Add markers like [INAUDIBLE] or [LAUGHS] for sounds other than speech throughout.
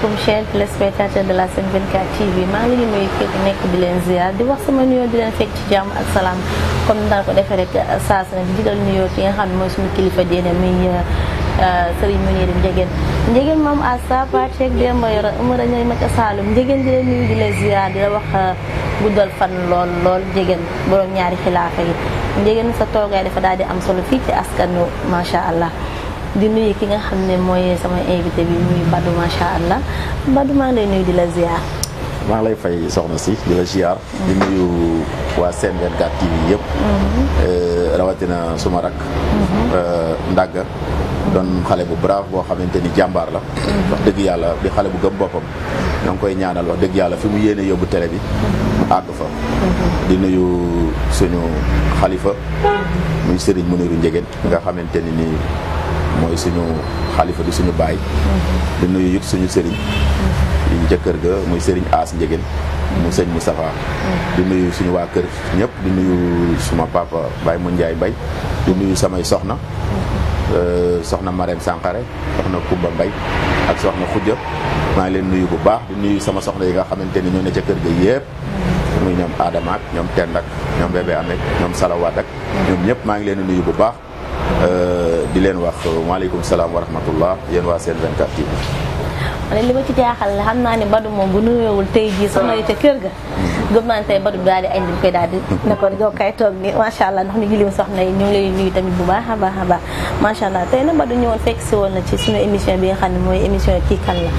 asalaamaaleykum chers téléspectateurs de la Sen 24 TV maa ngi leen di nuyu nekk di leen ziar di wax sama nuyoo di leen fekk ci jàmm ak salaam kon daal ko defee rek euh, saa su nekk jigal nuyoo ci nga xam ne mooy suñu kilifa diine muy euh, euh, Serigne Mounirou Ndiéguène Ndiéguène moom Assa Pathé Demba Yoro Oumar Ñay Maca Saloum Ndiéguène di leen nuyu di leen ziar di la wax guddal fan lool lool Ndiéguène borom ñaari xilaafa yi Ndiéguène sa toogaay dafa daal di am solo fii ci askan askanu macha allah. di nuyu ki nga xam ne mooy sama invité bi muy Badou macha allah Badou maa ngi lay nuyu di la ziar. maa lay fay soxna si di la ziar. di nuyu waa Sen 24 TV yëpp. Mhm. Euh, rawatina suma rak mhm. euh, ndàgga doon xale bu brave boo xamante ni jàmbaar la. Mhm. wax dëgg yàlla di xale bu gëm boppam. ñoo ngi koy ñaanal wax dëgg yàlla fi mu yéene yóbbu tele bi. mu àgg fa. di nuyu suñu xalifa. muy Serigne Mounirou Ndiéguène nga xamante ni nii. moy suñu khalifa di suñu baay di nuyu yit suñu serigne yi ca ga moy serigne as njegéen mu serigne mustafa di nuyu suñu wa kër ñep di nuyu suma papa Baye mu ndjay Mbaye di nuyu samay soxna euh, soxna marem Sankare soxna Kumba Mbaye ak soxna xudja ma ngi leen nuyu bu baax di nuyu sama soxna yi nga xamanteni ñoo ne ci kër ga yépp muy ñom Adama ñom tendak ñom Bébé amé ñom Salawat ak ñom ñep ma ngi leen nuyu bu baax euh, di len wax alaykum salam wa rahmatullah yen wa sen 24 TV ane li ma ci jaxal xam naa ne Badou moom bu nuyoowul tay ji sama yete keur ga gëm naa ne tey Badou daal di koy daal di ne kay tok ni sha allah ndax ñu ngi soxna yi ñu ngi lay nuyu tamit bu baax a ba ma sha allah tay na badu ñewon fekk si won na ci suñu émission bi nga xamni ne émission ki kan la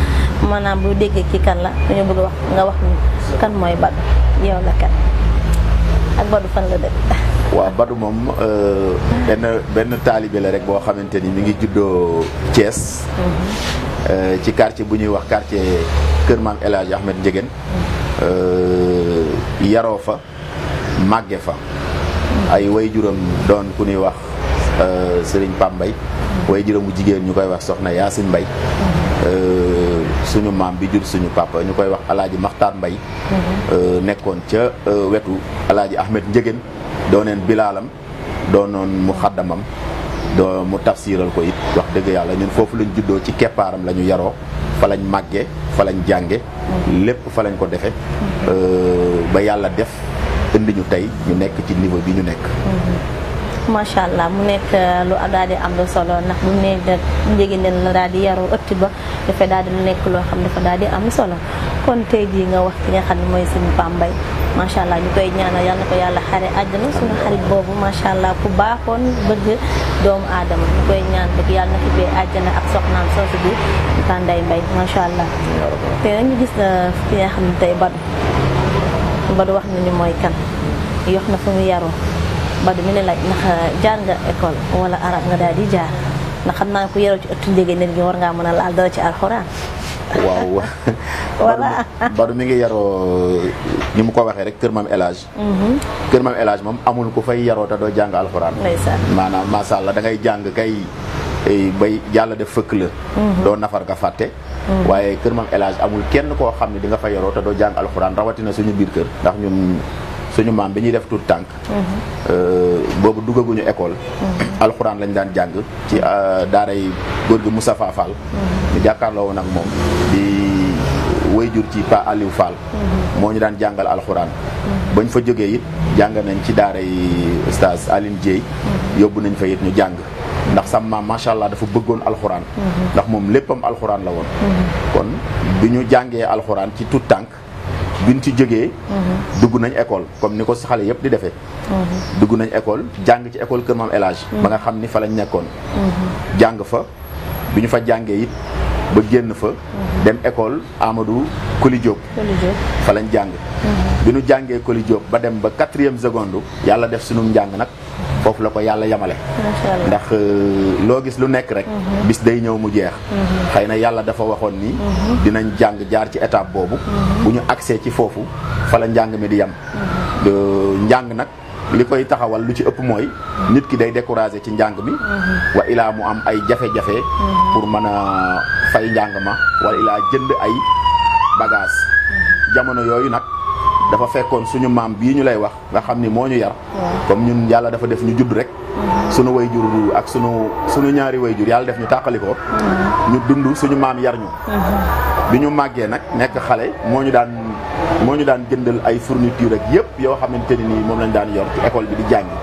manam bu déggee ki kan la dañoo bëgg wax nga wax ni kan moy e badu yow la kan ak badu fan la dëkk wa badu moom euh, ben ben talibé la rek bo xamanteni mi ngi juddoo Thiès euh, ci quartier bu ñuy wax quartier keur Maam El ahmed Ahmed euh yaro fa magge fa ay wayjuram don ku ñuy wax euh, Serigne pambay Mbay way juram bu wax Soxna Yaasin Mbay suñu mam bi jur suñu papa ñukoy wax alaaji Maxtaar Mbay nekkon ci wetu Ahmed Ndiéguène dooneen bilaalam noon mu xaddamam doo mu tafsiral ko it wax dëgg yàlla ñun foofu lañ juddoo ci keppaaram la ñu yaroo fa lañ màggee fa lañ jànge lépp fa lañ ko defe euh, ba yàlla def indi ñu tey ñu nekk ci niveau bi ñu nekk mm-hmm. macha allah mu nekk euh, lu daal di am lu solo ndax bu ne da njëgineen la daal di yaroo ëtt ba dafay daal di nekk loo xam dafa daal di am solo kon tey jii nga wax ki nga xam ne mooy suñu Pape Mbaye Masyaallah allah ñu koy ñaan yàlla na ko yàlla xare aduna suñu xarit bobu masyaallah ku baaxoon bëgg doom adam ñu koy ñaan bëgg yàlla na ko bee ak soxnaam soosu bi tanday mbay masyaallah té ñu gis na fi nga xam tay bad bad wax na ni moy iya, iya nah, nah, kan yox na fu mu yaro bad mi ne laaj ndax jaar nga école wala arab nga daal di jaar ndax xam naa ku yaroo ci ëttu njëgee nit gi war ngaa mën a laal dara ci alxuraan waaw. [LAUGHS] voilà Badou mi ngi yaroo ni mu ko waxee rek Kër Maam El Hadj. Mhm. Kër Maam El moom amul ku fay yaroo te doo jàng alxuraan. maanaam macha allah da ngay jàng kay bay yàlla de fëkk la. Mhm. doo nafar nga fàtte. Mhm. waaye Kër Maam El amul kenn koo xam ne di nga fa yaroo te doo jàng alxuraan rawatina suñu biir kër ndax ñun. suñu maam bi ñuy def tuut tànk euh, boobu duggaguñu école mhm. alxuraan lañ daan jàng ci euh, daaray góor gi Moussa Fall mhm. jàkkaarloo woon ak moom di wayjur ci Pa Aliou mhm. moo ñu daan jàngal alxuraan bañ fa jógee it jàng nañ ci daaray Oustaz Aline Dieye yóbbu nañ fa it ñu jàng ndax sam maam macha allah dafa bëggoon alxuraan ndax moom léppam alxuraan la woon kon bi ñu jàngee alxuraan ci tuut tànk biñ ci jógee. dugg nañ école comme ni ko xale yëpp di defee. dugg nañ école jàng ci école Kër Maam El Hadj ba nga xam ni fa lañ nekkoon. jàng fa bi ñu fa jàngee it ba génn fa. dem école Amadou Koli Diop. fa lañ jàng. Mhm. bi ñu jàngee Koli ba dem ba quatrième seconde yàlla def sunu njàng nag. foofu la ko yàlla yamale ndax euh, loo gis lu nekk rek mhm. bis day ñëw mu jeex mhm. xëy na yàlla dafa waxoon ni mhm. dinañ jàng jaar ci étape boobu bu ñu accès ci foofu fala njàng mi di yam njàng nag li koy taxawal lu ci ëpp mooy nit ki day découragé ci njàng mi wa ilaa mu am ay jafe-jafe pour mën a fay njàng ma wala ilaa jënd ay bagage jamono yooyu nag dafa fekkoon suñu maam bii ñu lay wax nga xam ni moo ñu yar comme ñun yàlla dafa def ñu judd rek mm-hmm. suñu way jur ak suñu suñu ñaari way jur yàlla def ñu tàqalikoo mm-hmm. ñu dund suñu maam yar ñu mm-hmm. bi ñu màggee nag nekk xale moo ñu daan moo ñu daan jëndal ay fourniture ak yëpp yoo xamante ni nii moom lañ daan yor ci école bi di jàngi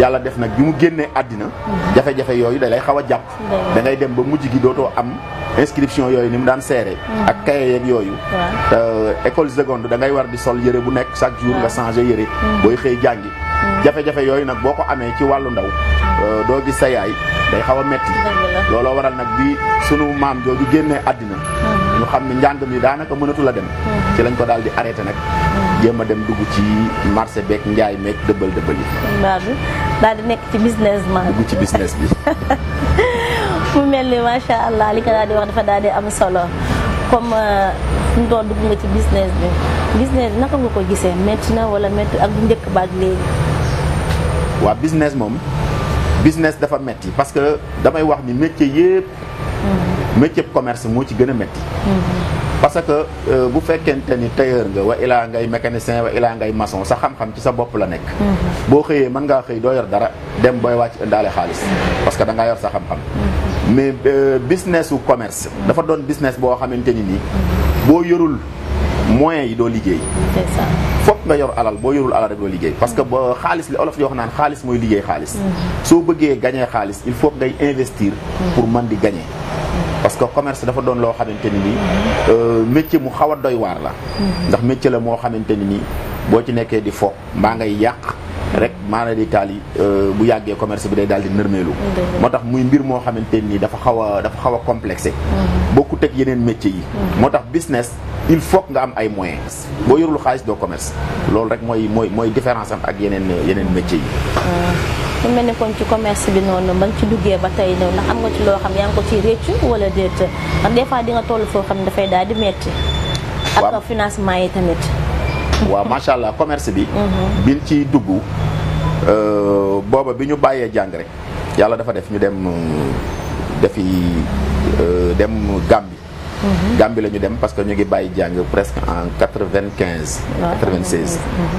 yàlla def nag bi mu génnee àddina jafe-jafe yooyu dalay lay xaw a jàpp da dem ba mujj gi dootoo am inscription yooyu ni mu daan seere hmm. ak kaye yeeg yooyu euh, école seconde da ngay war di sol yëre bu nekk chaque jour nga changé yére hmm. booy xëy jàngi hmm. jafe-jafe yooyu nag boo ko amee ci wàllu ndaw euh, doo gis sa yaay day xaw a metti looloo waral nag bi sunu maam jooju génnee àddina ñu xam ne njàng mi daanaka mënatu la dem ci lañ ko daal di arrêté nag jéem a dem dugg ci marché beeg njaay meeg dëbbal dëbbal yi daal di nekk ci business man ci business bi [LAUGHS] mu mel ni macha allah li nga daal di wax dafa daal di am solo comme suñ euh, doon dugg nga ci business bi business naka nga ko gisee métti na wala métti ak bu njëkk ba ak léegi. waaw business moom business dafa métti parce que damay wax ni métier yëpp. Mm-hmm. métier commerce moo ci gën a métti. Mm-hmm. parce que euh, bu fekkente ni tailleur nga wa ilaa ngay mécanicien wa ngay maçon sa xam-xam ci sa bopp la nekk. Mm-hmm. boo xëyee mën ngaa xëy doo yor dara dem booy wàcc indaale xaalis parce que da ngaa yor sa xam-xam. mais euh, business ou commerce dafa un business bo xamanteni ni bo yorul yi c'est ça nga yor alal bo parce que ba khalis li olof nan khalis moy liguey khalis so il faut investir mm. pour man di mm. parce que commerce dafa doon lo xamanteni ni euh, métier mu doy war la mm. ndax métier la ni ci rek maana di taal yi euh, bu yàggee commerce bi day daal di nërmeelu moo tax muy mbir moo xamante nii dafa xaw a dafa xaw a complexé mm-hmm. bokkut ak yeneen métiers yi mm-hmm. moo tax business il faut nga am ay moyens boo yorul xaalis doo commerce loolu rek mooy mooy mooy différence am ak yeneen yeneen métiers yi ah. mu mel ni kon ci commerce bi noonu ba nga ci duggee ba tey noonu ndax am nga ci loo xam yaa ngi ko ci réccu wala déet ndax des fois di nga foo xam ne dafay daal di metti ak financement yi tamit wa machallah commerce bi. biñ ci duggu euh bi biñu baye jang rek yalla dafa def ñu dem euh, defi euh, dem Gambie. Gambie la dem parce que ñu ngi baye jang presque en 95 96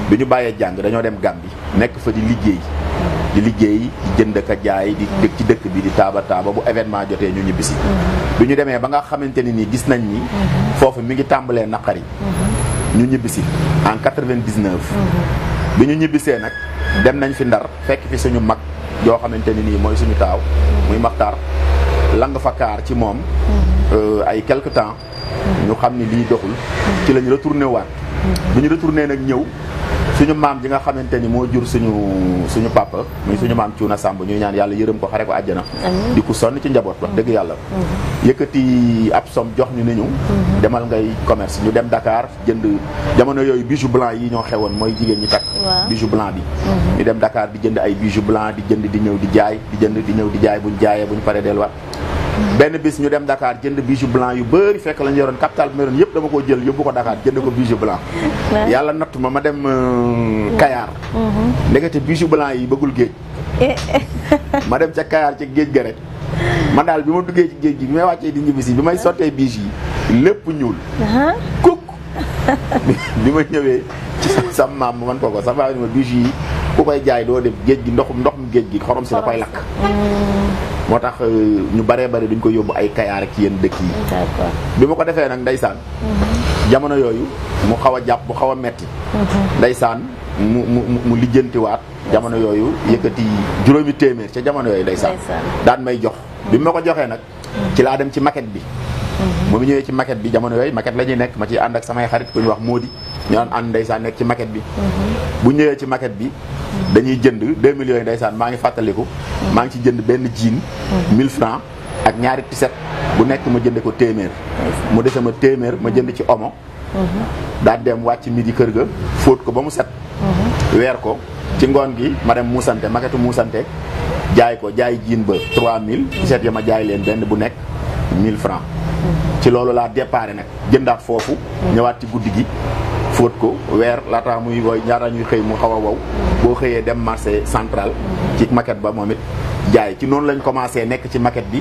biñu baye jang dañu dem Gambie nek fa di liggey di di jënd ka jaay di ci dëkk bi di taaba taaba bu événement jotee ñu ñibisi mhm. biñu démé ba nga xamanteni ni gis nañ ni. Mhm. fofu mi ngi tambalé nakari mhm. ñu ñibbisi en 99. Mhm. bi ñu ñibbisee nag dem nañ fi ndar fekk fi suñu mag yoo xamante ni nii mooy suñu taaw muy maxtar lang fa kaar ci moom mhm. euh, ay quelque temps mhm. ñu xam ni lii doxul ci lañ retourné waat bi ñu retourné nag ñëw suñu maam ji nga xamante ni moo jur suñu suñu papa muy suñu maam Cuuna Sàmb ñuy ñaan yàlla yërëm ko xare ko àjjana di ku sonn ci njaboot wax dëgg yàlla mm-hmm. yëkkati ab som jox ñu ni ñu mm-hmm. demal ngay commerce ñu dem dakaar jënd jamono yooyu bijou blanc yi ñoo xewoon mooy jigéen ñi takk bijou blanc bi mm-hmm. ñu dem dakaar di jënd ay bijou blanc di jënd di ñëw di jaay di jënd di ñëw di jaay buñ jaayee buñ paree delluwaat benn bis ñu dem dakaar jënd bijou blanc yu bëri fekk la ñu yoroon capital bi ma yëpp dama ko jël yóbbu ko Dakar jënd ko bijou blanc yàlla nattu ma ma dem euh, Kayaar mhm. ndekete bijou blanc yi bëggul géej eh. [LAUGHS] ma dem ca Kayaar ca géej ga rek man daal bi ma duggee ci géej gi bi may wàccee di ñibbisi bi may sottee bijou yi lépp ñuul uh-huh. kuk [LAUGHS] bi ma ñëwee ci sam maam man ko ko sa ma bijou yi ku koy jaay doo dem géej gi ndoxum ndoxum géej gi xorom si da koy lakk moo tax euh, ñu baree bari duñ ko yóbbu ay kayaar ak yenn dëkk yi bi ma ko defee nag ndeysaan mhm. jamono yooyu mu xaw a jàpp bu xaw a metti mhm. ndeysaan mu mu mu jamono yooyu yëkkati juróomi téeméer ca jamono yooyu ndeysaan daan may jox bi ma ko joxee nag ci laa dem ci maquette bi moom ñëwee ci maquette bi jamono yooyu maquette la ñuy nekk ma ci ànd ak samay xarit ku ñu wax Mody ñu naan ànd ndeysaan nekk ci maquette bi mhm. ñëwee ci maquette bi dañuy jënd 2 million yi ndeysaan maa ngi fàttaliku. maa ngi ci jënd benn jiin 1000 francs ak ñaari tiset bu nekk ma jënde ko téeméer. mu dese ma téeméer ma jënd ci omo. daal dem wàcc midi kër ga fóot ko ba mu set. weer ko ci ngoon gi ma dem muusante maketu muusante jaay ko jaay jiin ba 3000 tiset ya ma jaay leen benn bu nekk 1000 francs ci loolu laa déparé nag jëndaat foofu. ñëwaat ci guddi gi. fóot ko weer laata muy woy ñaata ñuy xëy mu xaw a wow boo xëyee dem marché centrale ci maquette ba moom it jaay ci noonu lañ commencé nekk ci maquette bi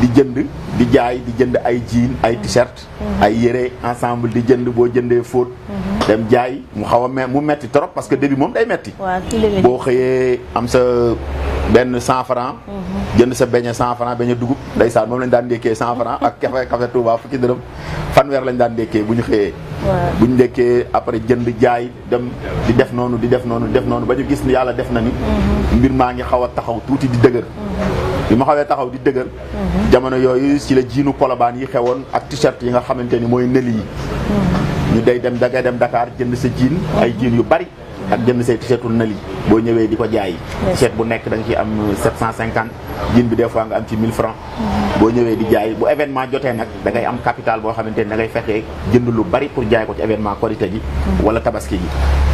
di jënd di jaay di jënd ay jean ay t-shirt ay yére ensemble di jënd boo jëndee fóot dem jaay mu xaw a mu metti trop parce que début moom day metti boo xëyee am sa benn cent franc mhm. jënd sa beñe cent franc beñe dugub ndeysaan moom lañ daan ndékkee cent franc ak kafe kafe Touba fukki dërëm fanweer lañ daan ndékkee bu ñu xëyee bu ñu ndékkee après jënd jaay dem def noonu di def noonu def noonu ba ñu gis ni yàlla def na mhm. mbir maa ngi xaw a taxaw tuuti di dëgër mhm. bi ma xawee taxaw di dëgër jamono yooyu si la jiinu kolobaan yi xewoon ak t-shirt yi nga xamante ni mooy nëli yi ñu day dem da dem Dakar jënd sa jiin ay jiin yu bari ak jënd say tiseetu na li boo ñëwee di ko jaayi tiseet bu nekk da nga ciy am cinquante jiin bi des fois nga am ci 1000 francs mm-hmm. boo ñëwee di jaay bu événement jotee nag da ngay am capital boo xamante ni da ngay jënd lu bari pour jaay ko ci événement korité gi mm-hmm. wala tabaski gi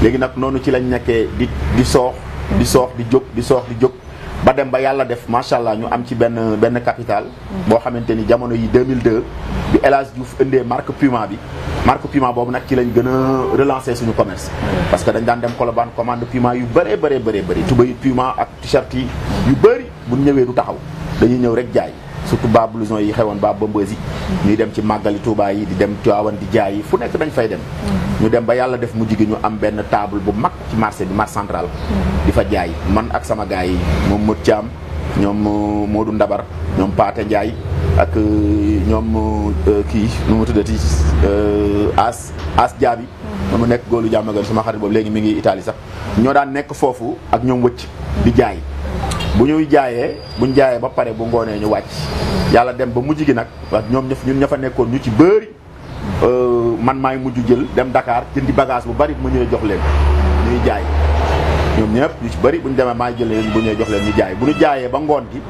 léegi nag noonu ci lañ nekkee di di soox di soox di jóg di soox di jóg ba dem ba yàlla def macha allah ñu am ci benn benn capital. boo xamante ni jamono yi 2002 bi El Hadj Diouf indee marque Puma bi marque Puma boobu nag ci lañ gën a relancer suñu commerce. parce que dañ daan dem Colobane commande Puma yu bëree bëree bëri. tuba yu Puma ak t-shirt yi yu bëri bu ñëwee du taxaw dañuy ñëw rek jaay. surtout ba blouson yi xewoon ba bambeuses yi ñuy dem ci màggali Touba yi di dem Tiwaawan di jaay fu nekk dañ fay dem mm-hmm. ñu dem ba yàlla def mu jigi ñu am benn table bu mag ci marché bi marché central mm-hmm. di fa jaay man ak sama gars yi moom Modou Thiam ñoom euh, Modou Ndabar ñoom Paate njaay ak euh, ñoom euh, kii nu mu tuddati As As Diaby mm-hmm. mu nekk góolu jàmmagan suma xarit boobu léegi mu ngi Italie sax ñoo daan nekk foofu ak ñoom wëcc di jaay bu ñuy jaayee ñu jaayee ba pare bu ngoonee ñu wàcc yàlla dem ba mujj gi nag wax ñoom ñun ña fa nekkoon ñu ci bëri euh, man maay mujj jël dem Dakar jëndi bagage bu bari bu ma ñëwee jox leen ñuy jaay ñoom ñëpp ñu ci bëri buñ demee maay jël leen bu ñëwee jox leen ñu jaay bu ñu jaayee ba ngoon gi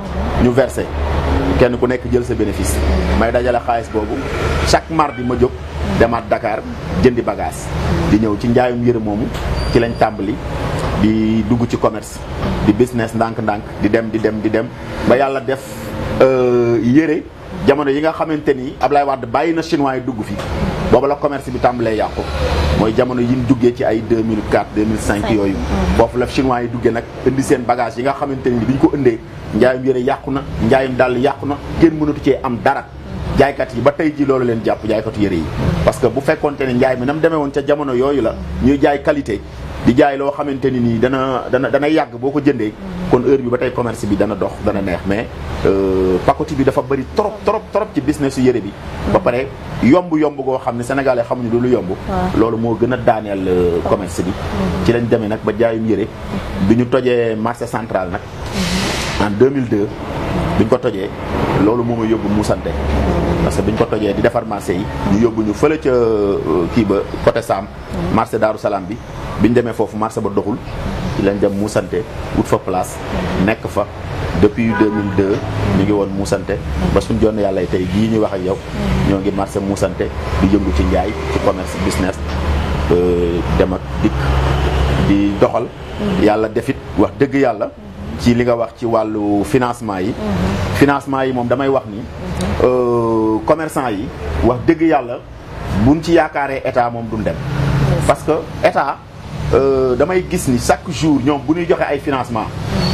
ñu verse kenn ku nekk jël sa bénéfice may dajale xaalis boobu chaque bi ma jóg demaat Dakar jëndi bagage di ñëw ci njaayum yëre moomu ci lañ tàmbali di dugg ci commerce di business ndànk-ndànk di dem di dem di dem ba yàlla def euh, yére jamono yi nga xamante ni Ablaye Wade bàyyi na chinois yi dugg fi booba la commerce bi tàmbalee yàqu mooy jamono yi ñu duggee ci ay 2004 2005 yooyu mm. foofu la chinois yi duggee nag indi seen bagage yi nga xamante ni bi ñu ko indee njaayum yére yàqu na njaayum dàll yàqu na kenn mënatu cee am dara jaaykat yi ba tey ji loolu leen jàpp jaaykatu yëre yi parce que bu fekkonte ne njaay mi nam demee woon ca jamono yooyu la ñuy jaay qualité di jaay loo xamante ni dana dana dana yàgg boo kon heure bi ba tey commerce bi dana dox dana neex mais euh, pacotille bi dafa trop trop trop ci business su yëre bi ba yombo yomb yomb goo xam ne sénégalais xamuñu lu lu yomb loolu moo gën a daaneel euh, commerce bi mm-hmm. ci lañ demee ba jaayum mm-hmm. marché central nak, mm-hmm. en 2002 bi ñu ko tojee loolu moo ma parce que bi ñu ko tojee di defar marché yi ñu yóbbu ñu fële ca euh, kii ba côté Saam marché Daaru Salaam bi bi ñu demee foofu marché ba doxul ci lañ dem muusante wut fa place nekk fa depuis 2002 ñu ngi woon muusante ba suñ jonn yàlla tey jii ñuy wax ak yow ñoo ngi marché muusante di yëngu ci njaay ci commerce business euh, dem ak dikk di doxal yàlla defit wax dëgg yàlla ci li nga wax ci wàllu financement yi mm-hmm. financement yi moom damay wax nii euh, commerçants yi wax deug yalla buñ ci yaakaaree état mom duñ parce que état euh, damay gis ni chaque jour ñom bu joxé ay financement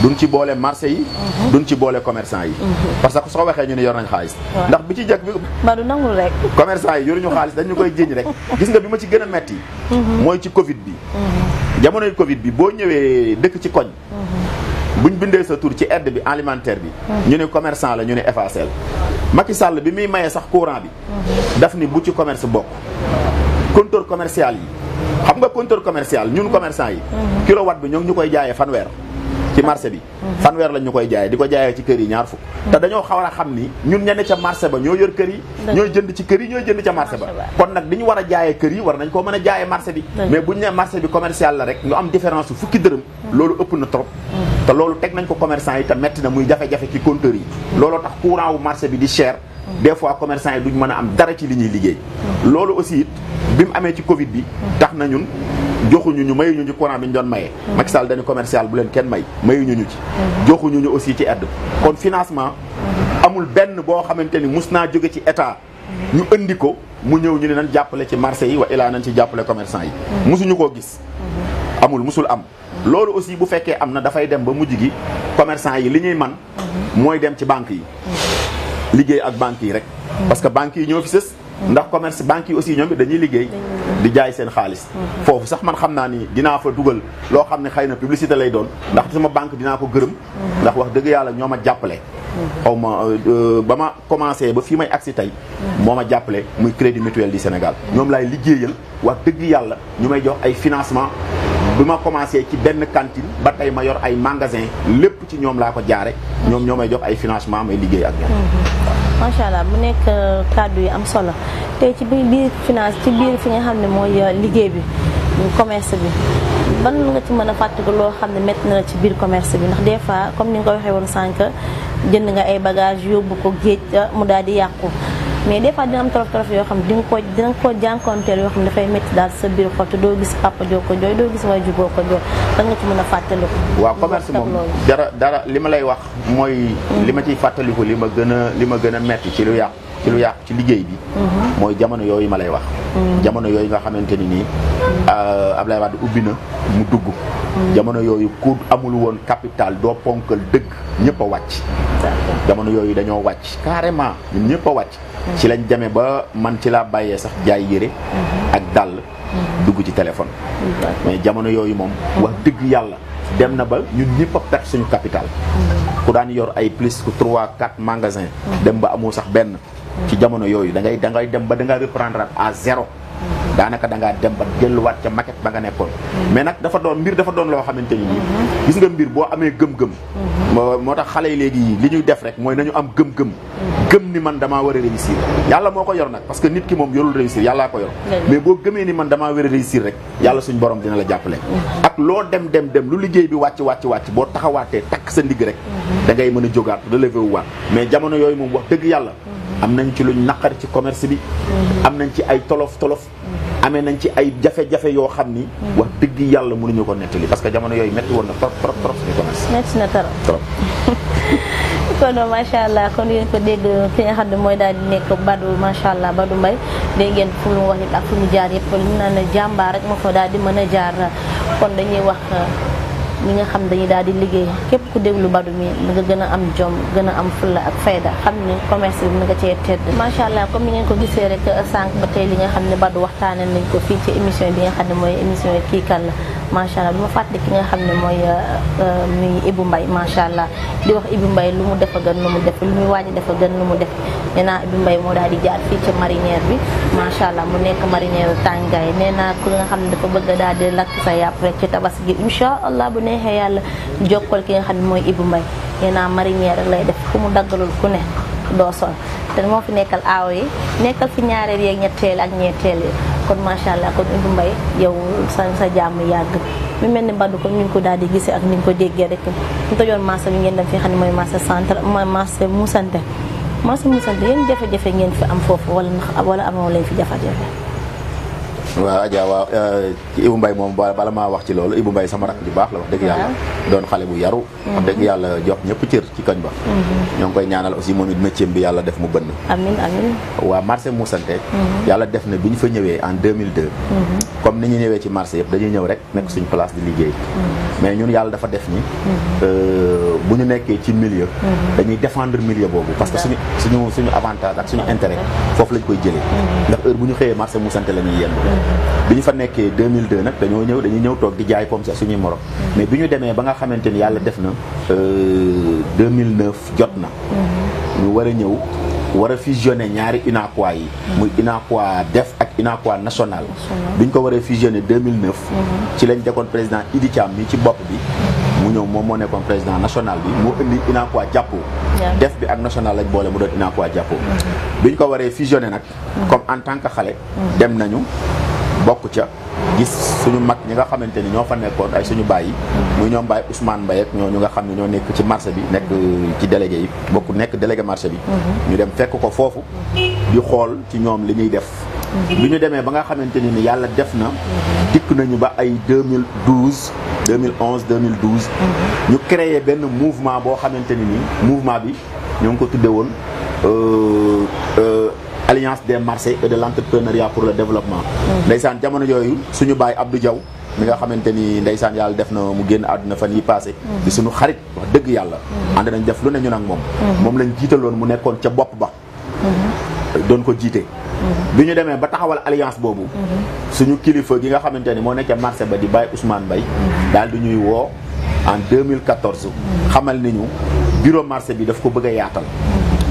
duñ ci bolé marché yi mhm. duñ ci commerçants commerçant yi mhm. parce que en waxé ñu ne yor nañ xaliss ndax bi ci jek bi ba du nangul rek commerçant yi ñu xaliss dañu koy jiñ rek [LAUGHS] gis nga bima ci gëna metti moy mhm. ci covid bi jamono covid bi bo ñëwé dëkk ci koñ buñ bindé sa tour ci aide bi alimentaire bi ñu ne commerçant la ñu ne Macky Sall bi muy mayee sax courant bi. daf ni bu ci commerce bokk. compteur commercial yi xam nga compteur commercial ñun commercant yi. Mm-hmm. kilowatt bi ñoo ñu koy jaayee fanweer. ci marché bi fanweer lañ ñu koy jaayee di ko jaayee ci kër yi ñaar fukk te dañoo xaw xam ni ñun ñene ca marché ba ñoo yor kër yi ñooy jënd ci kër yi ñooy jënd ca marché ba kon nag di ñu war a jaayee kër yi war nañ koo mën a jaayee marché bi mais buñ ne marché bi commercial la rek ñu am différence su fukki dërëm mm. loolu ëpp na trop mm. te loolu teg nañ ko commerçant yi te metti na muy jafe-jafe ci compteur yi mm. looloo tax courant wu marché bi di cher des fois am dara li ñuy liggéey loolu aussi bi mu amee ci covid bi tax na ñun joxuñu ñu mayuñu ñu courant bi ñu doon maye. Mm-hmm. Macky Sall dañu commercial bu leen kenn may mayuñu ñu ci. Mm-hmm. joxuñu ñu aussi ci aide. Mm-hmm. kon financement. amul benn boo xamante ni mus naa jóge ci état. ñu indi ko mu ñëw ñu ne nañ jàppale ci marché yi wa ilaa nañ ci jàppale commerçant yi. musuñu koo gis. amul musul am. loolu aussi bu fekkee am na dafay dem ba mujj gi commerçant yi li ñuy man mooy dem ci banque yi. liggéey ak banque yi rek. parce que banque yi ñoo fi ndax commerce banque yi aussi ñoom dañuy liggéey di jaay seen xaalis foofu sax man xam naa ni dinaa fa dugal loo xam ne xëy na publicité lay doon ndax sama banque dinaa ko gërëm ndax wax dëgg yàlla ñoo ma jàppale xaw ma euh, ba ma commencé ba fii may agsi tey moo ma jàppale muy crédit mutuel du Sénégal ñoom laay liggéeyal wax dëgg yàlla ñu may jox ay financement bi ma commencé ci benn cantine ba tey ma yor ay magasin lépp ci ñoom laa ko jaare ñoom ñoo may jox ay financement may liggéey ak mhm. macha allah mu nekk euh, kàddu yi am solo ci biir finance ci biir fi nga xam ne mooy euh, liggéey bi commerce bi ban nga ci mën a fàttaliku loo xam ne métti na la ci biir commerce bi ndax des fois comme ni nga ko waxee woon sànq jënd nga ay bagages yóbbu ko géej euh, mu daal di yàqu. mais des fois dina am torof torof yoo xam di nga ko di nga ko jànkonteel yoo xam dafay métti daal sa biir xol te doo gis papa joo ko jooy doo gis waajur boo ko jooy da nga ci mën a fàttaliku. waaw commerce moom dara dara li ma lay wax mooy. Mm. li ma ciy fàttaliku li ma gën a li ma gën a métti ci lu yàqu. ci lu yàqu ci liggéey bi mhm. mooy jamono yooyu ma lay wax mhm. jamono yooyu nga xamante ni nii euh, Ablaye Wade ubbi mu dugg mhm. jamono amul capital doo ponkal deg ñëpp jamanoyo wàcc jamono yooyu dañoo wàcc carrément ñun ñëpp a wàcc ci lañ demee ba man ci laa bàyyee sax jaay ak dugg ci téléphone mais jamono wax dem na ba ñun suñu capital ku daan yor ay plus que 3 4 magasin dem ba sax ci jamono yoyu da ngay da ngay dem ba da nga reprendre à zéro danaka da nga dem ba wat ci maquette ba nga nekkoon mais nak dafa doon mbir dafa doon lo xamanteni ni gis nga mbir bo amé gëm-gëm motax xalé légui li ñuy def rek moy nañu am gëm-gëm gëm ni man dama wara réussir yalla moko yor nak parce que nit ki mom yorul réussir yalla ko yor mais bo gëmee ni man dama wara réussir rek yalla suñu borom dina la jappalé ak lo dem dem dem lu liggéey bi wacc wacc wacc bo taxawaté tak sa ndig rek da ngay mëna a relever wu wat mais jamono yoy mom wax deug yalla am nañ ci lu luñ naqar ci commerce bi mm-hmm. am nañ ci ay tolof tolof mm-hmm. amee nañ ci ay jafe-jafe yoo xam ni mm-hmm. wax dëgg yàlla mënuñu ko nettali parce que jamono yooyu metti woon na trop trop trop suñu commerce metti na trop [LAUGHS] kon macha kon yéen ko dégg ki nga xam ne mooy daal di nekk Badou macha allah Badou Mbaye dégg ngeen fu mu ak fu mu jaar yëpp li mu naan jàmbaar rek moo fa daal di mën a jaar kon dañuy wax ñi nga xam dañuy daal di liggéey képp ku déglu badu mi nga gën am jom gën am fulla ak fayda xam ni commerce bi nga cee tedd macha allah comme ni ngeen ko gisee rek sànq ba tey li nga xam ne badu waxtaane nañ ko fii ci émission bi nga xam ne mooy émission kii kan la macha allah du ma ki nga xam ne mooy muy ibu mbay macha allah di wax ibu mbay lu mu defa gën lu mu def lu muy wàññi defa gën lu mu def nee naa ibu mbay moo daal di jaar fii ci marinière bi macha allah mu nekk marinière tàngaay nee naa ku nga xam ne dafa bëgg daal di lakk sa yàpp ya, rek ci gi insha allah bu ne neexee yàlla jokkal ki nga xam ne mooy Ibou mbay nee naa marinière rek lay def fu mu daggalul ku ne doo son te moo fi nekkal aaw yi nekkal fi ñaareel yee ñetteel ak ñeenteel yi kon macha allah kon Ibou mbay yow sa sa jàmm yàgg mi mel ni mbaddu ko ñu ko daal di gisee ak ni ñu ko déggee rek ñu tojoon marché bi ngeen dem fi xam ne mooy marché centre mooy marché Moussante marché Moussante yéen jafe-jafe ngeen fi am foofu wala wala amoo leen fi jafe-jafe waaw Adja waaw euh, Ibou Mbaye moom bala maa wax ci loolu Ibou Mbaye sama rakk ju baax la wax dëgg yàlla doon xale bu yaru wax mhm. yàlla jox ñëpp cër ci kañ ba mhm. ñoo ngi koy ñaanal aussi moom it métier bi yàlla def mu bënn amiin amiin waaw marché Moussante mhm. yàlla def na bi ñu fa ñëwee en 2002 comme ni ñu ñëwee ci marché yëpp dañuy ñëw rek nekk suñ place di liggéey mais ñun yàlla dafa def ni euh, bu ñu nekkee ci milieu dañuy défendre milieu boobu parce que suñu suñu suñu avantage ak suñu intérêt foofu lañ koy jëlee ndax bu ñu xëyee marché Moussante la ñuy yendu bi ñu fa nekkee 2002 nag dañoo ñëw dañuy ñëw toog di jaay comme ça suñuy morom. Mm-hmm. mais bi ñu demee ba nga xamante ni yàlla def na 2009 euh, jot na. Mm-hmm. ñu war a ñëw war a fusionner ñaari UNACOIS yi. Mm-hmm. muy UNACOIS def ak UNACOIS national. bi ñu ko war a fusionner 2009. ci lañ dekkoon président Idi Thiam ci bopp bi. mu ñëw moom moo nekkoon président national bi moo indi UNACOIS jàppoo def bi ak national ak boole mu doon UNACOIS jàppoo bi ñu ko waree fusionné nag comme en tant que xale dem nañu bokk ca gis suñu mag ñi nga xamante ni ñoo fa nekkoon ay suñu bàyyi muy ñoom bàyyi Ousmane Mbaye ak ñoo ñu nga xam ne ñoo nekk ci marché bi nekk ci délégué yi bokk nekk délégué marché bi mhm. ñu dem fekk ko foofu di xool ci ñoom li ñuy def lu mhm. ñu demee ba nga xamante ni ni yàlla def na mhm. dikk nañu ba ay 2012 mille 2012 ñu créer benn mouvement boo xamante ni ni mouvement bi ñoo ngi ko tudde woon euh, euh, alliance des marchés et de l'entrepreneuriat pour le développement. Mm. ndeysaan jamono yooyu suñu baay Abdou jaw mi nga xamante ni ndeysaan yàlla def na mu génn àdduna fa ni passé mm. di suñu xarit wax dëgg yàlla. Mm. ànd nañ def lu ne ñu nag moom. moom lañ jiitaloon mu nekkoon ca bopp ba. Mm-hmm. doon ko jiite. Mm-hmm. bi ñu demee ba taxawal alliance boobu. Mm-hmm. suñu kilifa gi nga xamante ni moo nekkee marché ba di Baye Ousmane mbay daal du ñuy woo en 2014. xamal ni ñu bureau marché bi daf ko bëgg a yaatal.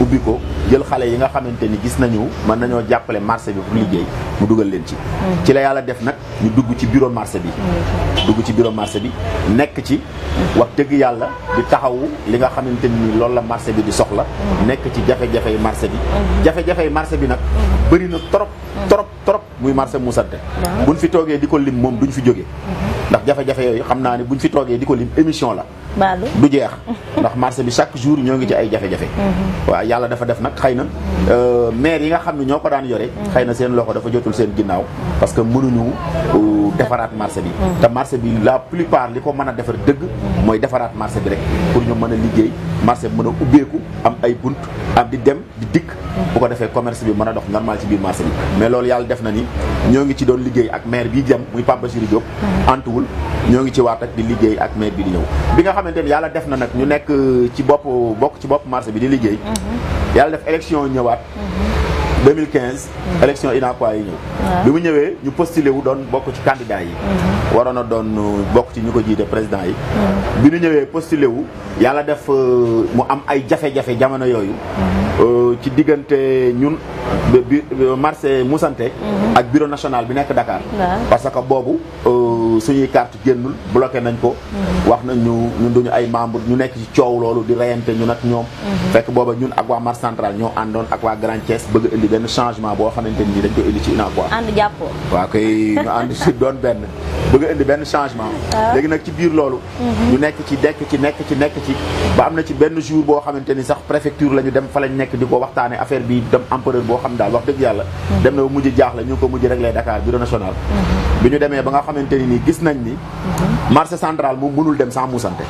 ubbi ko jël xale yi nga xamante ni gis nañu mën nañoo jàppale marché bi pour liggéey mu dugal leen ci ci la yàlla def nag ñu dugg ci bureau marché bi dugg ci bureau marché bi nekk ci wax dëgg yàlla di taxawu li nga xamante ni la marché bi di soxla nek ci jafe-jafe marché bi jafe-jafe marché bi nag bëri na trop trop trop muy marché Moussante buñ fi toogee di lim moom duñ fi jógee ndax jafe-jafe yooyu buñ fi lim émission la du jeex ndax marché bi chaque jour ñoo ngi ci ay jafe-jafe mhm. waa yàlla dafa def nag xëy na euh, maire yi nga xam ne ñoo ko daan yore mhm. xëy na seen loxo dafa jotul seen ginnaaw parce que mënuñu euh, defaraat marché bi mhm. te marché bi la plupart li ko mën a defar dëgg mooy defaraat marché bi rek pour ñu mën a liggéey marché bi mën a ubbeeku am ay bunt am di dem di dikk bu ko defee commerce bi mën a dox normal ci biir marché bi mais loolu yàlla def na ni ñoo ngi ci doon liggéey ak maire bi jëm muy Pape Bassirou Diop mm-hmm. antuwul ñoo ngi ci waat di liggéey ak maire bi di ñëw bi nga xamante ni yàlla def na nag ñu nekk ci bopp bokk ci bopp marché bi di liggéey mm-hmm. yàlla def élection ñëwaat 2015 mm-hmm. élection inaqua yi ñëw bi mu ñëwee ñu postulé wu doon bokk ci candidat yi waroon a doon bokk ci ñu ko jiite président yi bi ñu ñëwee postulé wu yàlla def euh, mu am ay jafe-jafe jamono yooyu euh, ci diggante ñun bi marché Moussante mhm. ak bureau national bi nekk Dakar parce que boobu euh, suñuy carte génnul bloqué nañ ko mhm. wax nañ ñu ñun duñu ay membre ñu nekk ci coow loolu di reyante ñun ak ñoom mhm. fekk booba ñun ak waa marché central ñoo àndoon ak waa Grand Thiès bëgg indi benn changement boo xamante ni dañ ko indi ci UNACOIS quoi ànd jàppoo waaw koy ñu ànd si [LAUGHS] doon benn bëgg indi benn changement ah. léegi nag ci biir loolu ñu nekk ci dekk ci nekk ci nekk ci ba am na ci boo xamante ni sax préfecture la ñu dem fa waxtaane affaire bi dem empereur boo xam daal wax dëgg yàlla dem na ba mujj jaaxle ñu ngi ko mujj réglé Dakar bureau national mhm. bi ñu demee ba nga xamante nii gis nañ ni mhm. marché central moom mënul dem sans muusante